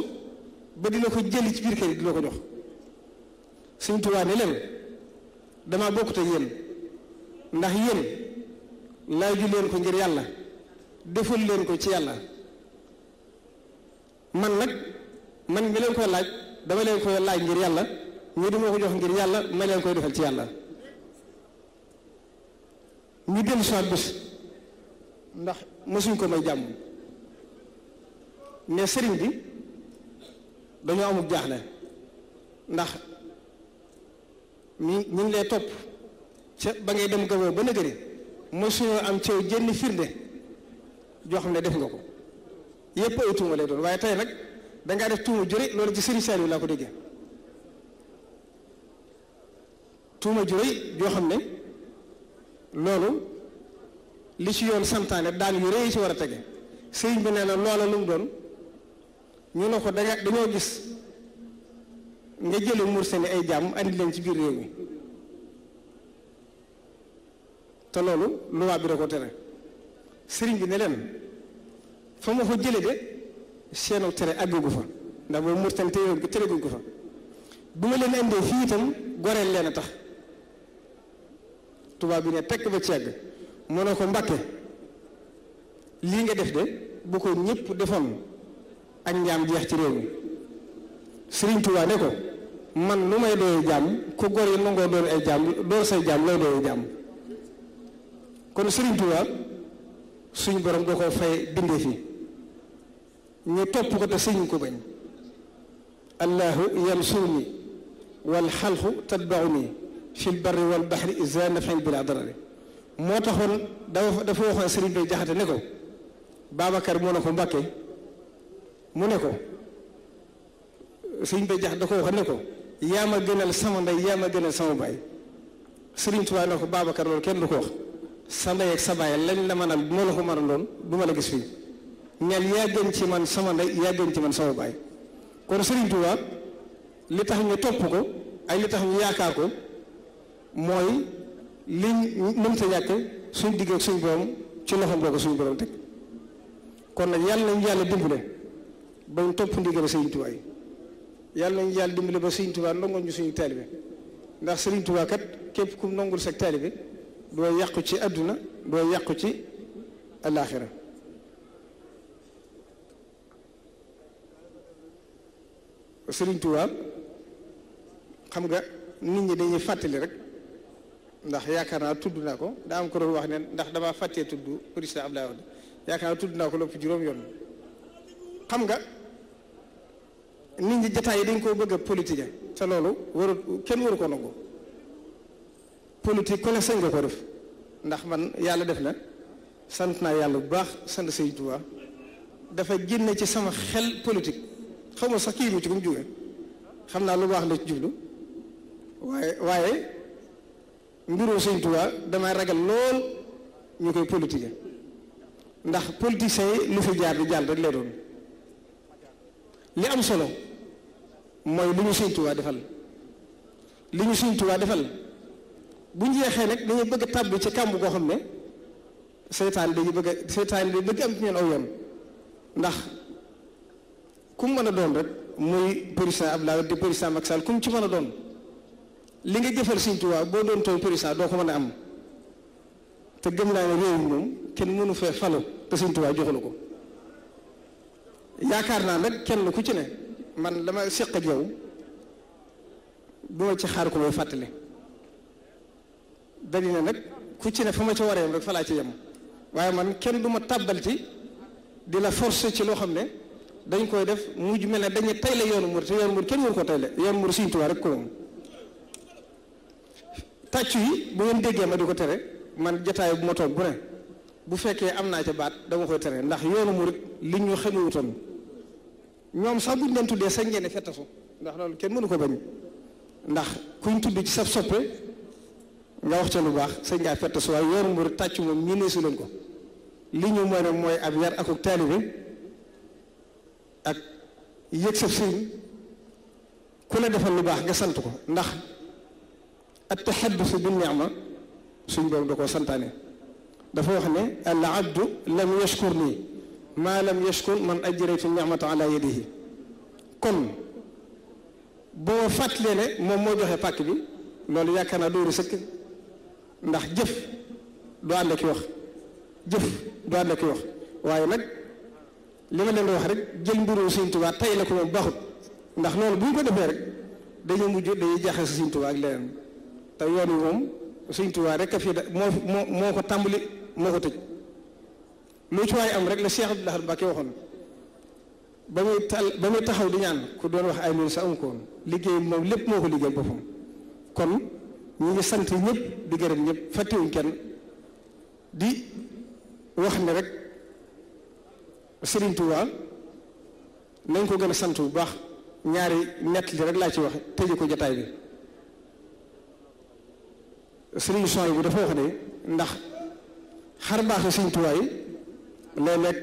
Speaker 1: ba dina ko jëli ci biir kër dina ko jox Sëñ Tuubaa ne leen damaa bokkute yéen ndax yéen laaju leen ko ngir yàlla deful leen ko ci yàlla man nag man mi leen koy laaj dama leen koy laaj ngir yàlla ñu duma ko jox ngir yàlla ma leen koy defal ci yàlla ñu dellu soit bés ndax mësuñ ko may jàmm ne sëriñ bi dañoo amul jaaxle ndax ñi ñu ngi lay topp ca ba ngay dem gaboo ba nëgëri mësuñoo am ceew jenn firnde joo xam ne def nga ko yépp ay tuuma doon waaye tey nag dangaa def tuuma jure loolu ci sëriñ Saliou laa ko déggee tuuma jure joo xam ne loolu li ci yoon santaane daan yu rëy ci war a tege sëriñ bi nee na loola lu doon ñu ne ko danga dañoo gis nga jële mursali ay jàmm andi leen ci biir réew mi te loolu luwaa bi da ko tere sëriñ bi ne leen fa ma ko jële de seenu tere àggagu fa ndax boobu mursali téyoon ko tere ko fa bu ma leen indee fii itam goreel leen a tax tubaab bi ne tekk ba ci yàgg mu ne ko mbakke lii nga def de bu ko ñëpp defoon ak njaam jeex ci réew mi Sëriñ ne ko man lu may doyee jaam ku gor yi nangoo doon ay jaam doon say jaam lay doyee jàmm kon Sëriñ Tuubaa suñ borom da koo fay bindee fi ñu topp ko te sëñ ko bañ allahu yansurni wal xalqu tatbauni fi l barri wal baxri isa nafin bila darari moo taxoon dafa dafa waxoon sëriñ bi jaxate ne ko Babacar moo na ko Mbàkke mu ne ko sëriñ bi jaxate da ko wax ne ko yaa ma gënal sama ndey yaa ma gënal sama baay sëriñ Tuubaa ne ko Babacar loolu kenn du ko wax sa ndey ak sa baay lañ la mënal moo la ko mënaloon bu ma la gis fii ñal yaa gën ci man sama ndey yaa gën ci man sama baay kon sëriñ li tax ñu topp ko ay li tax ñu yaakaar ko mooy li mënta ñàkk suñ digg ak suñ borom ci loxoom la ko suñ borom teg kon nag yàlla nañu yàlla dimbale ba ñu topp yàlla nañu yàlla dimbale ba sëriñ Tuubaa nangul ñu suñu taalibe ndax sëriñ Tuubaa kat képp kum nangul sa taalibe doo yàqu ci àdduna doo yàqu ci alaaxira sëriñ Tuubaa xam nga nit ñi dañuy fàttali rek ndax yaakaar naa tudd naa ko daa am ko doon wax neen ndax damaa fàttee tudd président Abdoulaye Wade yaakaar naa tudd naa ko lépp juróom yoon xam nga nit ñi jataay yi dañ koo bëgg a politique te loolu waru kenn waru ko nangu politique ku ne sañ nga ko def ndax man yàlla def na sant naa yàlla bu baax sant Sëñ Tuubaa dafa génne ci sama xel politique xaw sax kii mu ci ko mu jóge xam naa lu baax la jublu waaye waaye mbirum sëñ Tuubaa damay ragal lool ñu koy politique ndax politiciens yi lu fi jaar di jàll rek lay doon li am solo mooy li ñu sëñ Tuubaa defal li ñu sëñ Tuubaa defal bu njeexee nag dañuy bëgg a ci kàmb goo xam ne seytaan dañuy bëgg a seytaan dañuy bëgg am ci ñeen aw ndax ku mën a doon rek muy président Abdoulaye di président Macky Sall ku mu ci mën a doon li nga jëfal Sëñ Tuubaa boo doon toog président doo ko mën a am te gëm naa ne réew moom kenn mënu fee falu te Sëñ Tuubaa joxalu ko yaakaar naa nag kenn ku ci ne man dama seq ak yow bu ma ci xaar ko may fàttali dañu ne nag ku ci ne fa ma ca war a yem ci yem waaye man kenn du ma tàbbal ci di la forcer ci loo xam ne dañ koy def mujj mel ne dañu tey la yoonu mur te yoonu mur kenn waru ko tey la yoonu mur Sëñ Tuubaa rek ko moom tàccu yi bu ngeen déggee ma di ko tere man jataay bu ma toog bu ne bu fekkee am naa ca baat dama koy tere ndax yoonu murit li ñu xamewutoon ñoom sax buñ leen tuddee sañ ngeen fettasu ndax loolu kenn mënu ko bañ ndax kuñ tudd ci saf soppe nga wax ca lu baax sañ ngaa fettasu waaye yoonu murit tàccu moom ñu neesu leen ko li ñu mën a mooy ab yar akuk taalibe ak yëg sab sëriñ ku la defal lu baax nga sant ko ndax ak taxaddusu bi ma suñ boobu da ko santaane dafa wax ne al abdu lam yashkur nii maa lam yashkur man ajraytu neemata ala yadihi kon boo fàttalee ne moom moo joxe pàkk bi loolu yaakaar naa dóoru sëkk ndax jëf du ànd ak wax jëf du ànd ak wax waaye nag li ma leen wax rek jël mbiru Sëñ Tuubaa tey la ko moom baaxut ndax loolu bu ñu ko defee rek dañu mujj dañuy jaxase Sëñ Tuubaa ak leneen te yoon moom Sëñ Tuubaa rek a fi moo moo moo ko tàmbali moo ko tëj lu ci waay am rek la Cheikh Abdoul Ahad Mbacké waxoon ba muy tal ba muy taxaw di ñaan ku doon wax ay mil sa am ko woon liggéey moom lépp moo ko liggéeyal boppam kon ñu ngi sant ñëpp di gërëm ñëpp fàttewuñ kenn di wax ne rek Sëriñ nañ ko gën a sant bu baax ñaari nett li rek laa ci wax tëje ko jataay bi sëriñ son bi dafa wax ne ndax xar baax sëriñ Tuubaa yi léeg-léeg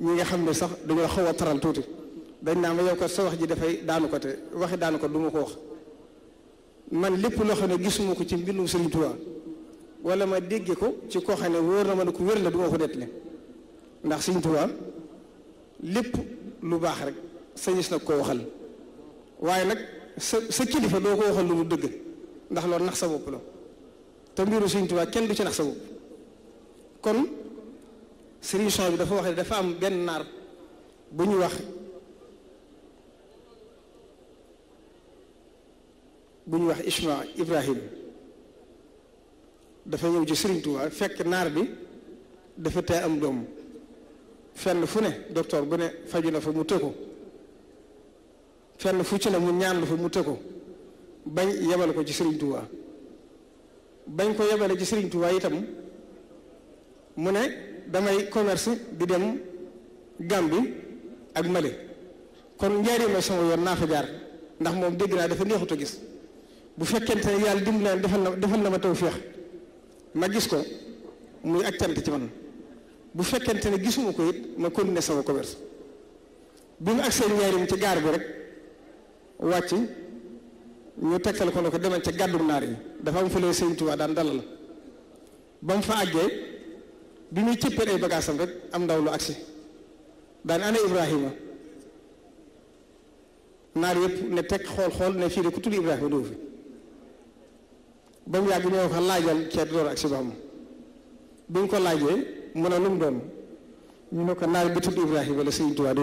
Speaker 1: ñi nga xam ne sax dañoo xaw a taral tuuti dañ naa ma yow sa wax ji dafay daanu ko te waxi daanu ko du ma ko wax man lépp loo xam ne gisuma ko ci mbindum sëriñ Tuubaa wala ma dégge ko ci ko xam ne wóor na ma ne ku wér la du ma ko nettali ndax sëriñ Tuubaa lépp lu baax rek sañis nag koo waxal waaye nag sa sa kilifa doo ko waxal lu mu dëgg ndax loolu nax sa bopp la te mbiru Sëriñ kenn du ci nax sa bopp kon Sëriñ Son bi dafa wax ne dafa am benn naar bu ñu wax bu wax Isma Ibrahim dafa ñëw ci Sëriñ Tuubaa fekk naar bi dafa te am doom fenn fu ne docteur bu ne faju na fa mu tëkku fenn fu ci ne mu ñaan fa mu tëkku bañ yebal ko ci Sëriñ Tuubaa bañ ko yebale ci Serigne Touba itam mu ne damay commerce di dem Gambie ak male kon njaareem la sama yoon naa fa jaar ndax moom dégg naa dafa neexut a gis bu fekkente ne yàlla dimbalaan defal na defal na ma feex ma gis ko muy ak ci man bu fekkente ne gisuma ko it ma continuer sama commerce bi mu agsee njaareem ci gaar bi rek wàcc ñu tekkal ko ne ko demal ca gàddum naar yi dafa am fële Sëriñ Tuubaa daan dalal ba mu fa àggee bi muy cëppee ay bagaasam rek am ndaw lu agsi daan ana Ibrahima naar yëpp ne teg xool xool ne fii de ku tudd Ibrahima doo fi ba mu yàgg ñoo ko laajal ceeb door ak si ba bi ñu ko laajee mu ne lu mu doon ñu ne ko naar bi tudd Ibrahima la Sëriñ Tuubaa di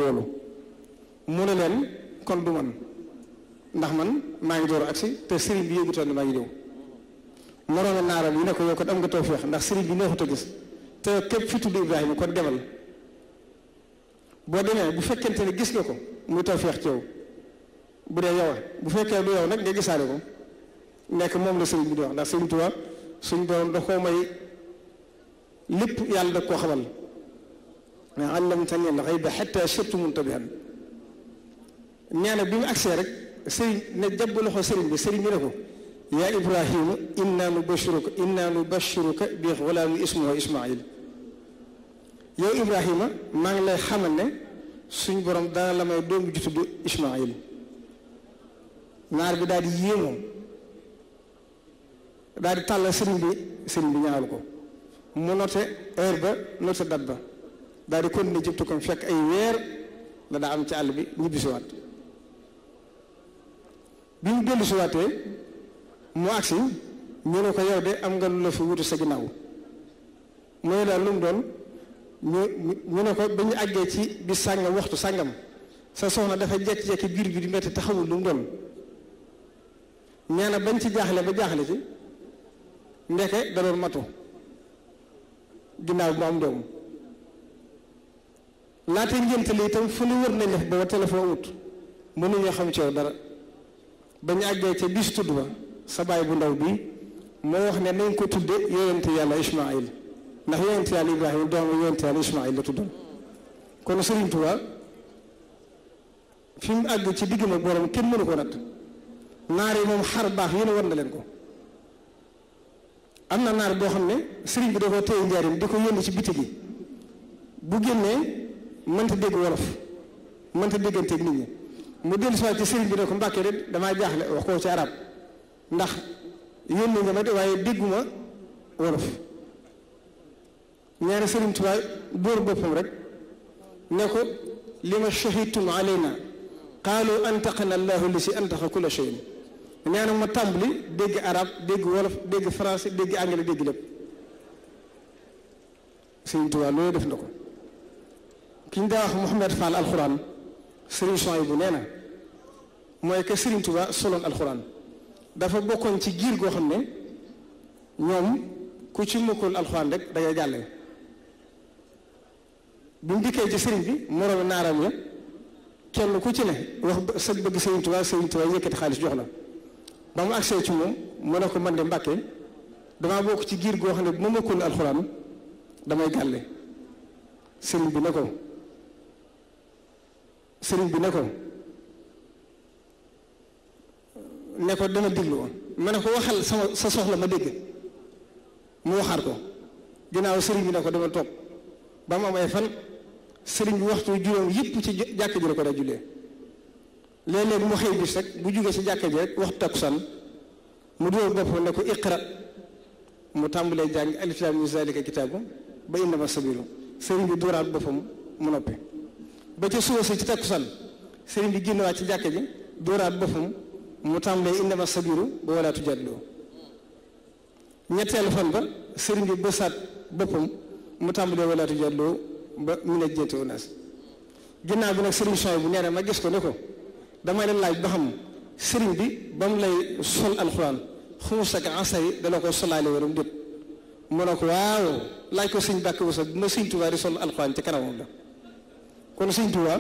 Speaker 1: mu ne leen kon du man ndax man maa ngi door agsi te sëriñ bi yëgutoon ne maa ngi ñëw morooma naaral yi ne ko yow kon am nga tawféex ndax sëriñ bi neexut a gis te képp fi tudd Ibrahima kon demal boo demee bu fekkente ne gis nga ko muy tawféex ci yow bu dee yow bu fekkee du yow nag nga gisaale ko nekk moom la sëriñ bi di wax ndax sëriñ Tuubaa suñ borom da koo may lépp yàlla da koo xamal mais allamtani al-ghayba hatta sirtu muntabihan nee na bi mu agsee rek sëriñ ne jàpp loxo sëriñ bi sëriñ bi ne ko yaa ibrahima inna nu bashiruka inna nu bashiruka bi xulaamin ismuhu ismail yow ibrahima maa ngi lay xamal ne suñ borom dana la may doom ju tudd ismail naar bi daal di yéemoom daal di tàllal sëriñ bi sëriñ bi ñaawal ko mu note heure ba note date ba daal di ko jëptu comme fekk ay weer la daa am ci àll bi ñibbisiwaat bi mu dellu siwaatee mu agsi ñu ne ko yow de am nga lu la fi wutu sa ginnaaw mu ne daal lu doon ñu ñu ne ko ba ñu àggee ci bi sàngam waxtu sàngam sa soxna dafa jekki-jekki biir bi di metti taxawul lu mu doon nee na bañ ci jaaxle ba jaaxle ci ndeke da doon matu ginnaaw bu am doom laata ngénte li itam fu nu wër nañ def ba téléphone wut mënuñoo xam ci yow dara dañu ñu àggee ca biis tudd ba sa baay bu ndaw bi moo wax ne nañ ko tudde yonente yàlla Ismaayil ndax yonente yàlla Ibrahima doomu yonente yàlla Ismaayil la tuddoon kon Sëriñ Tuubaa fi mu àgg ci digg ma borom kenn mënu ko natt naar yi moom xar baax yéen a war na leen ko am na naar boo xam ne sëriñ bi da ko téye njaarim di ko yónni ci biti gi bu génnee mënta dégg wolof mënta dégganteeg nit ñi mu dellu si ci sëriñ bi ne ko mbàkke damaa jaaxle wax ko ci arab ndax yónni nga ma de waaye dégguma wolof ñaari sëriñ Tuubaa dóor boppam rek ne ko li ma shahidtum alayna qaalu antaqana allahu li si antaqa kulla shay'in nee na ma tàmbali dégg arab dégg wolof dégg français dégg anglais dégg lépp sëriñ Tuubaa loolu def na ko ki daa wax Mouhamed Fall alxuraan sëriñ son yi bu nee na mooy que sëriñ Tuubaa soloon alxuraan dafa bokkoon ci giir goo xam ne ñoom ku ci mokkul alxuraan rek da ngay jàlle bi mu ci sëriñ bi moroomi naaram ya kenn ku ci ne wax sa bëgg sëriñ Tuubaa sëriñ Tuubaa yëkkati xaalis jox la ba mu agsee ci moom mu ne ko man de Mbàkke damaa bokk ci giir goo xam ne bu ma mokkul alxuraan damay gàlle sëriñ bi ne ko sëriñ bi ne ko ne ko dama déglu woon ma ne ko waxal sama sa soxla ma dégg mu waxaat ko ginnaaw sëriñ bi ne ko dama toog ba mu am fan sëriñ bi waxtu juróom yëpp ci jàkka ji la ko daa jullee léeg-léeg mu xëy bis rek bu jugee ci jàkka ji rek waxtu takkusaan mu dóor boppam ne ko iqra mu tàmbalee jàng alif laam miim zaalika kitaabu ba innama sabilu sëriñ bi dóoraat boppam mu noppi ba ca suba si ci takkusaan sëriñ bi génn ci jàkka ji dóoraat boppam mu tàmbalee indama sabiru ba wala tujadlu ñetteelu fan ba sëriñ bi bësaat boppam mu tàmbalee wala tujadlu ba mu ne jënte unaas bi nag sëriñ bu nee na ma ne ko damay la laaj ba xam sëriñ bi ba mu lay sol alxuraan xumus ak ansa yi dala ko solaale warum dét mu ne ko waaw laaj ko sëñ bàkk bu sa ma sëñ Tuubaa sol alxuraan ci kanamam la kon sëñ Tuubaa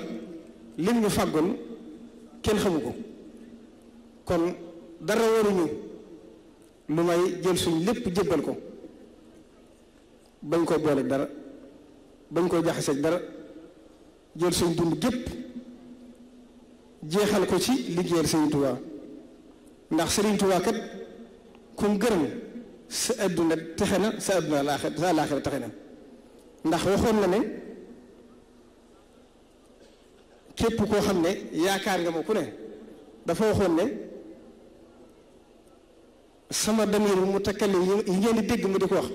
Speaker 1: lim ñu fàggoon kenn xamu ko kon dara waruñu lu may jël suñ lépp jébbal ko bañ koo booleeg dara bañ koo jaxaseeg dara jël suñ dund gépp jeexal ko ci liggéeyal sëriñ Tuubaa ndax sëriñ Tuubaa kat kum gërëm sa àdduna texe na sa àdduna laaxira sa laaxira texe na ndax waxoon na ne képp koo xam ne yaakaar nga ma ku ne dafa waxoon ne sama damir mu takkale yi ngeen di dégg mu di ko wax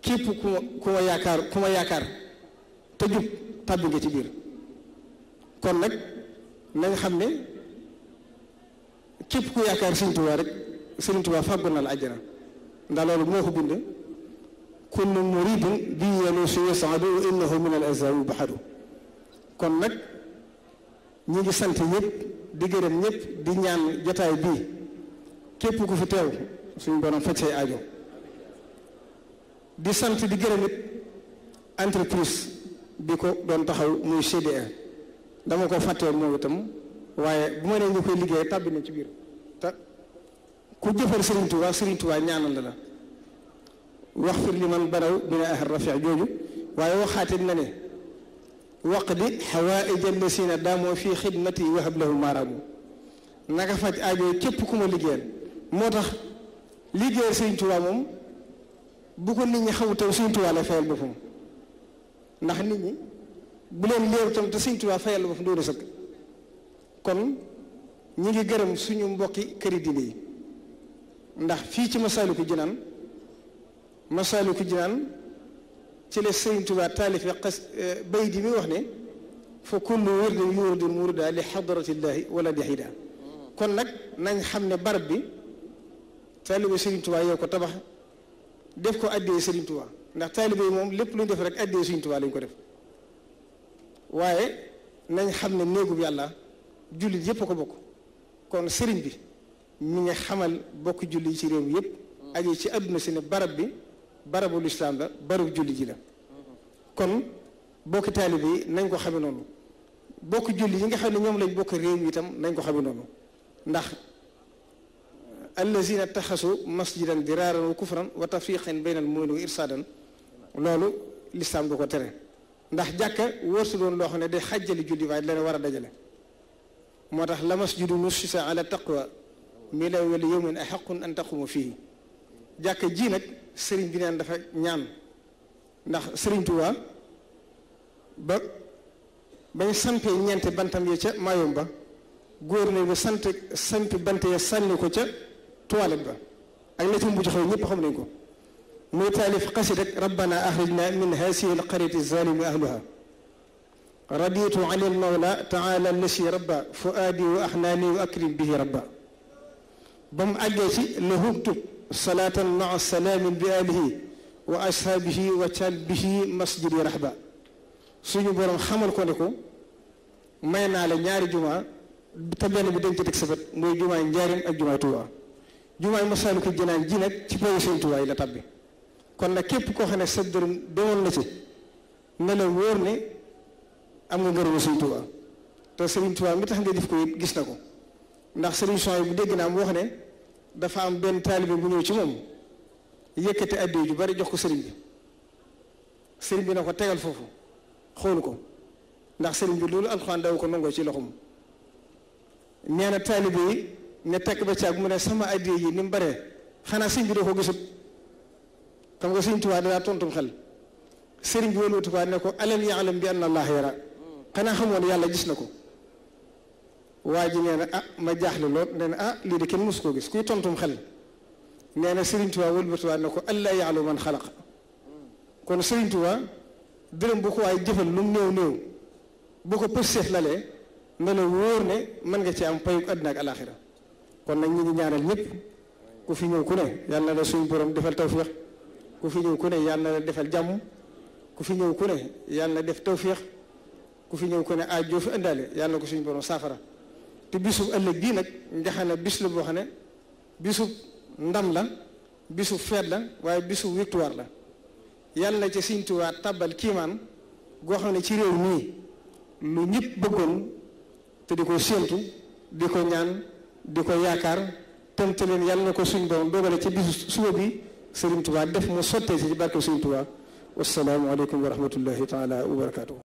Speaker 1: képp ku ma ku ma yaakaar ku ma yaakaar te jub tàbbi nga ci biir kon nag na xam ne képp ku yaakaar Sëriñ rek Sëriñ Tuubaa fàggu na la àjjana ndax loolu moo ko bind kullu muridin bi yenu su yasaadu innahu min al azaawi baxadu kon nag ñi ngi sant ñëpp di gërëm ñëpp di ñaan jataay bii képp ku fi teew suñ borom faj say aajo di sant di gërëm it entreprise bi ko doon taxaw muy CDE dama ko fàttewoon moom itam waaye bu ma nee ñu koy liggéey tàbbi na ci biir te ku jëfal Serigne Touba Serigne Touba ñaanal la la wax fir li man baraw bi ne ahar rafiix jooju waaye waxaate na ne waqdi xawaaija lasina daamoo fii xidmati wahab lahu maaraamu naka faj aajo képp ku ma liggéeyal moo tax liggéeyal sëñ Tuubaa moom bu ko nit ñi xaw taw sëñ Tuubaa la fayal boppam ndax nit ñi bu leen leeru tam te sëñ Tuubaa fayal boppam doon sëkk kon ñi ngi gërëm suñu mbokki këri diine yi ndax fii ci Masaalikul Jinaan Masaalikul Jinaan ci la sëriñ Tuubaa taalife xas eh, bay di mi wax ne fa kullu wirdin yuridu murida li xadratillaahi wala dixida kon nag nañ xam ne barab bi taalibe sëriñ Tuubaa yow ko tabax def ko addee sëriñ Tuubaa ndax taalibe yi moom lépp luñ def rek addee sëriñ Tuubaa lañ ko def waaye nañ xam ne néegub yàlla jullit yëpp ko bokk kon sëriñ bi mi nga xamal bokk jullit yi ci réew mi yëpp aje ci àdduna si ne barab bi barabu lislaam la barabu julli ji la kon bokki taalibe yi nañ ko xame noonu bokk julli yi nga xam ne ñoom lañ bokk réew mi tam nañ ko xame noonu ndax allazina taxasu masjidan diraaran wa kufran wa tafriqan baynal mu'minin wa irsaadan loolu lislaam du ko tere ndax jàkka wërsu doon loo xam ne day xàjjali julli waaye dina war a dajale moo tax la masjidu nussisa ala taqwa min awwali yawmin ahaqqu an taqumu fii jàkka ji nag sëriñ bi neen dafa ñaan ndax sëriñ Tuubaa ba ba ñu sampee ñeenti bantam ya ca maayom ba góor ne bi sant sampi bant ya sànni ko ca toilette ba ak la ci mujj xew ñëpp xam nañ ko muy taalif xasid ak rabbana axrijna min hasihi alqaryati zalimi ahluha raditu an il mawla taala lasi rabba fuaadi wa axnaani wa akrim bihi rabba ba mu àggee ci lahum tub salaatan maa salaamin bi alihi wa ashaabihi wa calbihi masjidi rahba suñu borom xamal ko ne ko may naa la ñaari juma te benn bu dañ ci teg sa bët mooy jumaay njaarim ak jumaay Tuubaa jumaay ko Jinaan ji nag ci payu Sëñ Tuubaa yi la tàbbi kon nag képp koo xam ne sa dërëm demoon na ci ne la wóor ne am nga ngërëmu Sëñ Tuubaa te Sëriñ Tuubaa mi tax nga def ko yëpp gis na ko ndax Sëriñ Tuubaa bu dégg naa mu wax ne dafa am benn taalibe bu ñëw ci moom yëkkati addiya ju bari jox ko sëriñ bi sëriñ bi na ko tegal foofu xool ko ndax sëriñ bi loolu alxuraan daw ko nangoo ci loxo nee na taalibe yi ne tekk ba caag mu ne sama addiya yi ni mu bare xanaa sëriñ bi doo ko gisut xam nga sëriñ Tuubaa danaa tontum xel sëriñ bi wëlbatu ko ne ko alam ya'lam bi anna Allaha yara xanaa xamoon yàlla gis na ko waa ji nee na ah ma jaaxle lool nee na ah lii de kenn mosu koo gis kuy tontum xel nee na Serigne Touba wëlbatiwaat na ko allah yaalu man xalaq kon Serigne Touba dërëm bu ko waay jëfal lu mu néew ko pësteef lalee na la ne mën nga ci am payu àddina ak alaaxira kon nag ñu ngi ku fi ñëw na la suñu borom defal tawféex fi ñëw ku ne yàlla defal jàmm ku fi ñëw ku ne yàlla def tawféex ku fi ñëw ku ne aaj joo fi na ko suñu borom saafara. te bisub ëllëg bii nag njaxana bis la boo xam ne bisub ndam la bisu feet la waaye bisu victoire la yàlla na ci Sëriñ Tuubaa tàbbal kiimaan goo xam ne ci réew mii lu ñëpp bëggoon te di ko séentu di ko ñaan di ko yaakaar te leen yàlla na ko suñ doom dogale ci bisu suba bi Sëriñ Tuubaa def mu sottee ci barke Sëriñ Tuubaa wassalaamu aleykum wa rahmatullahi taala wa barakaatu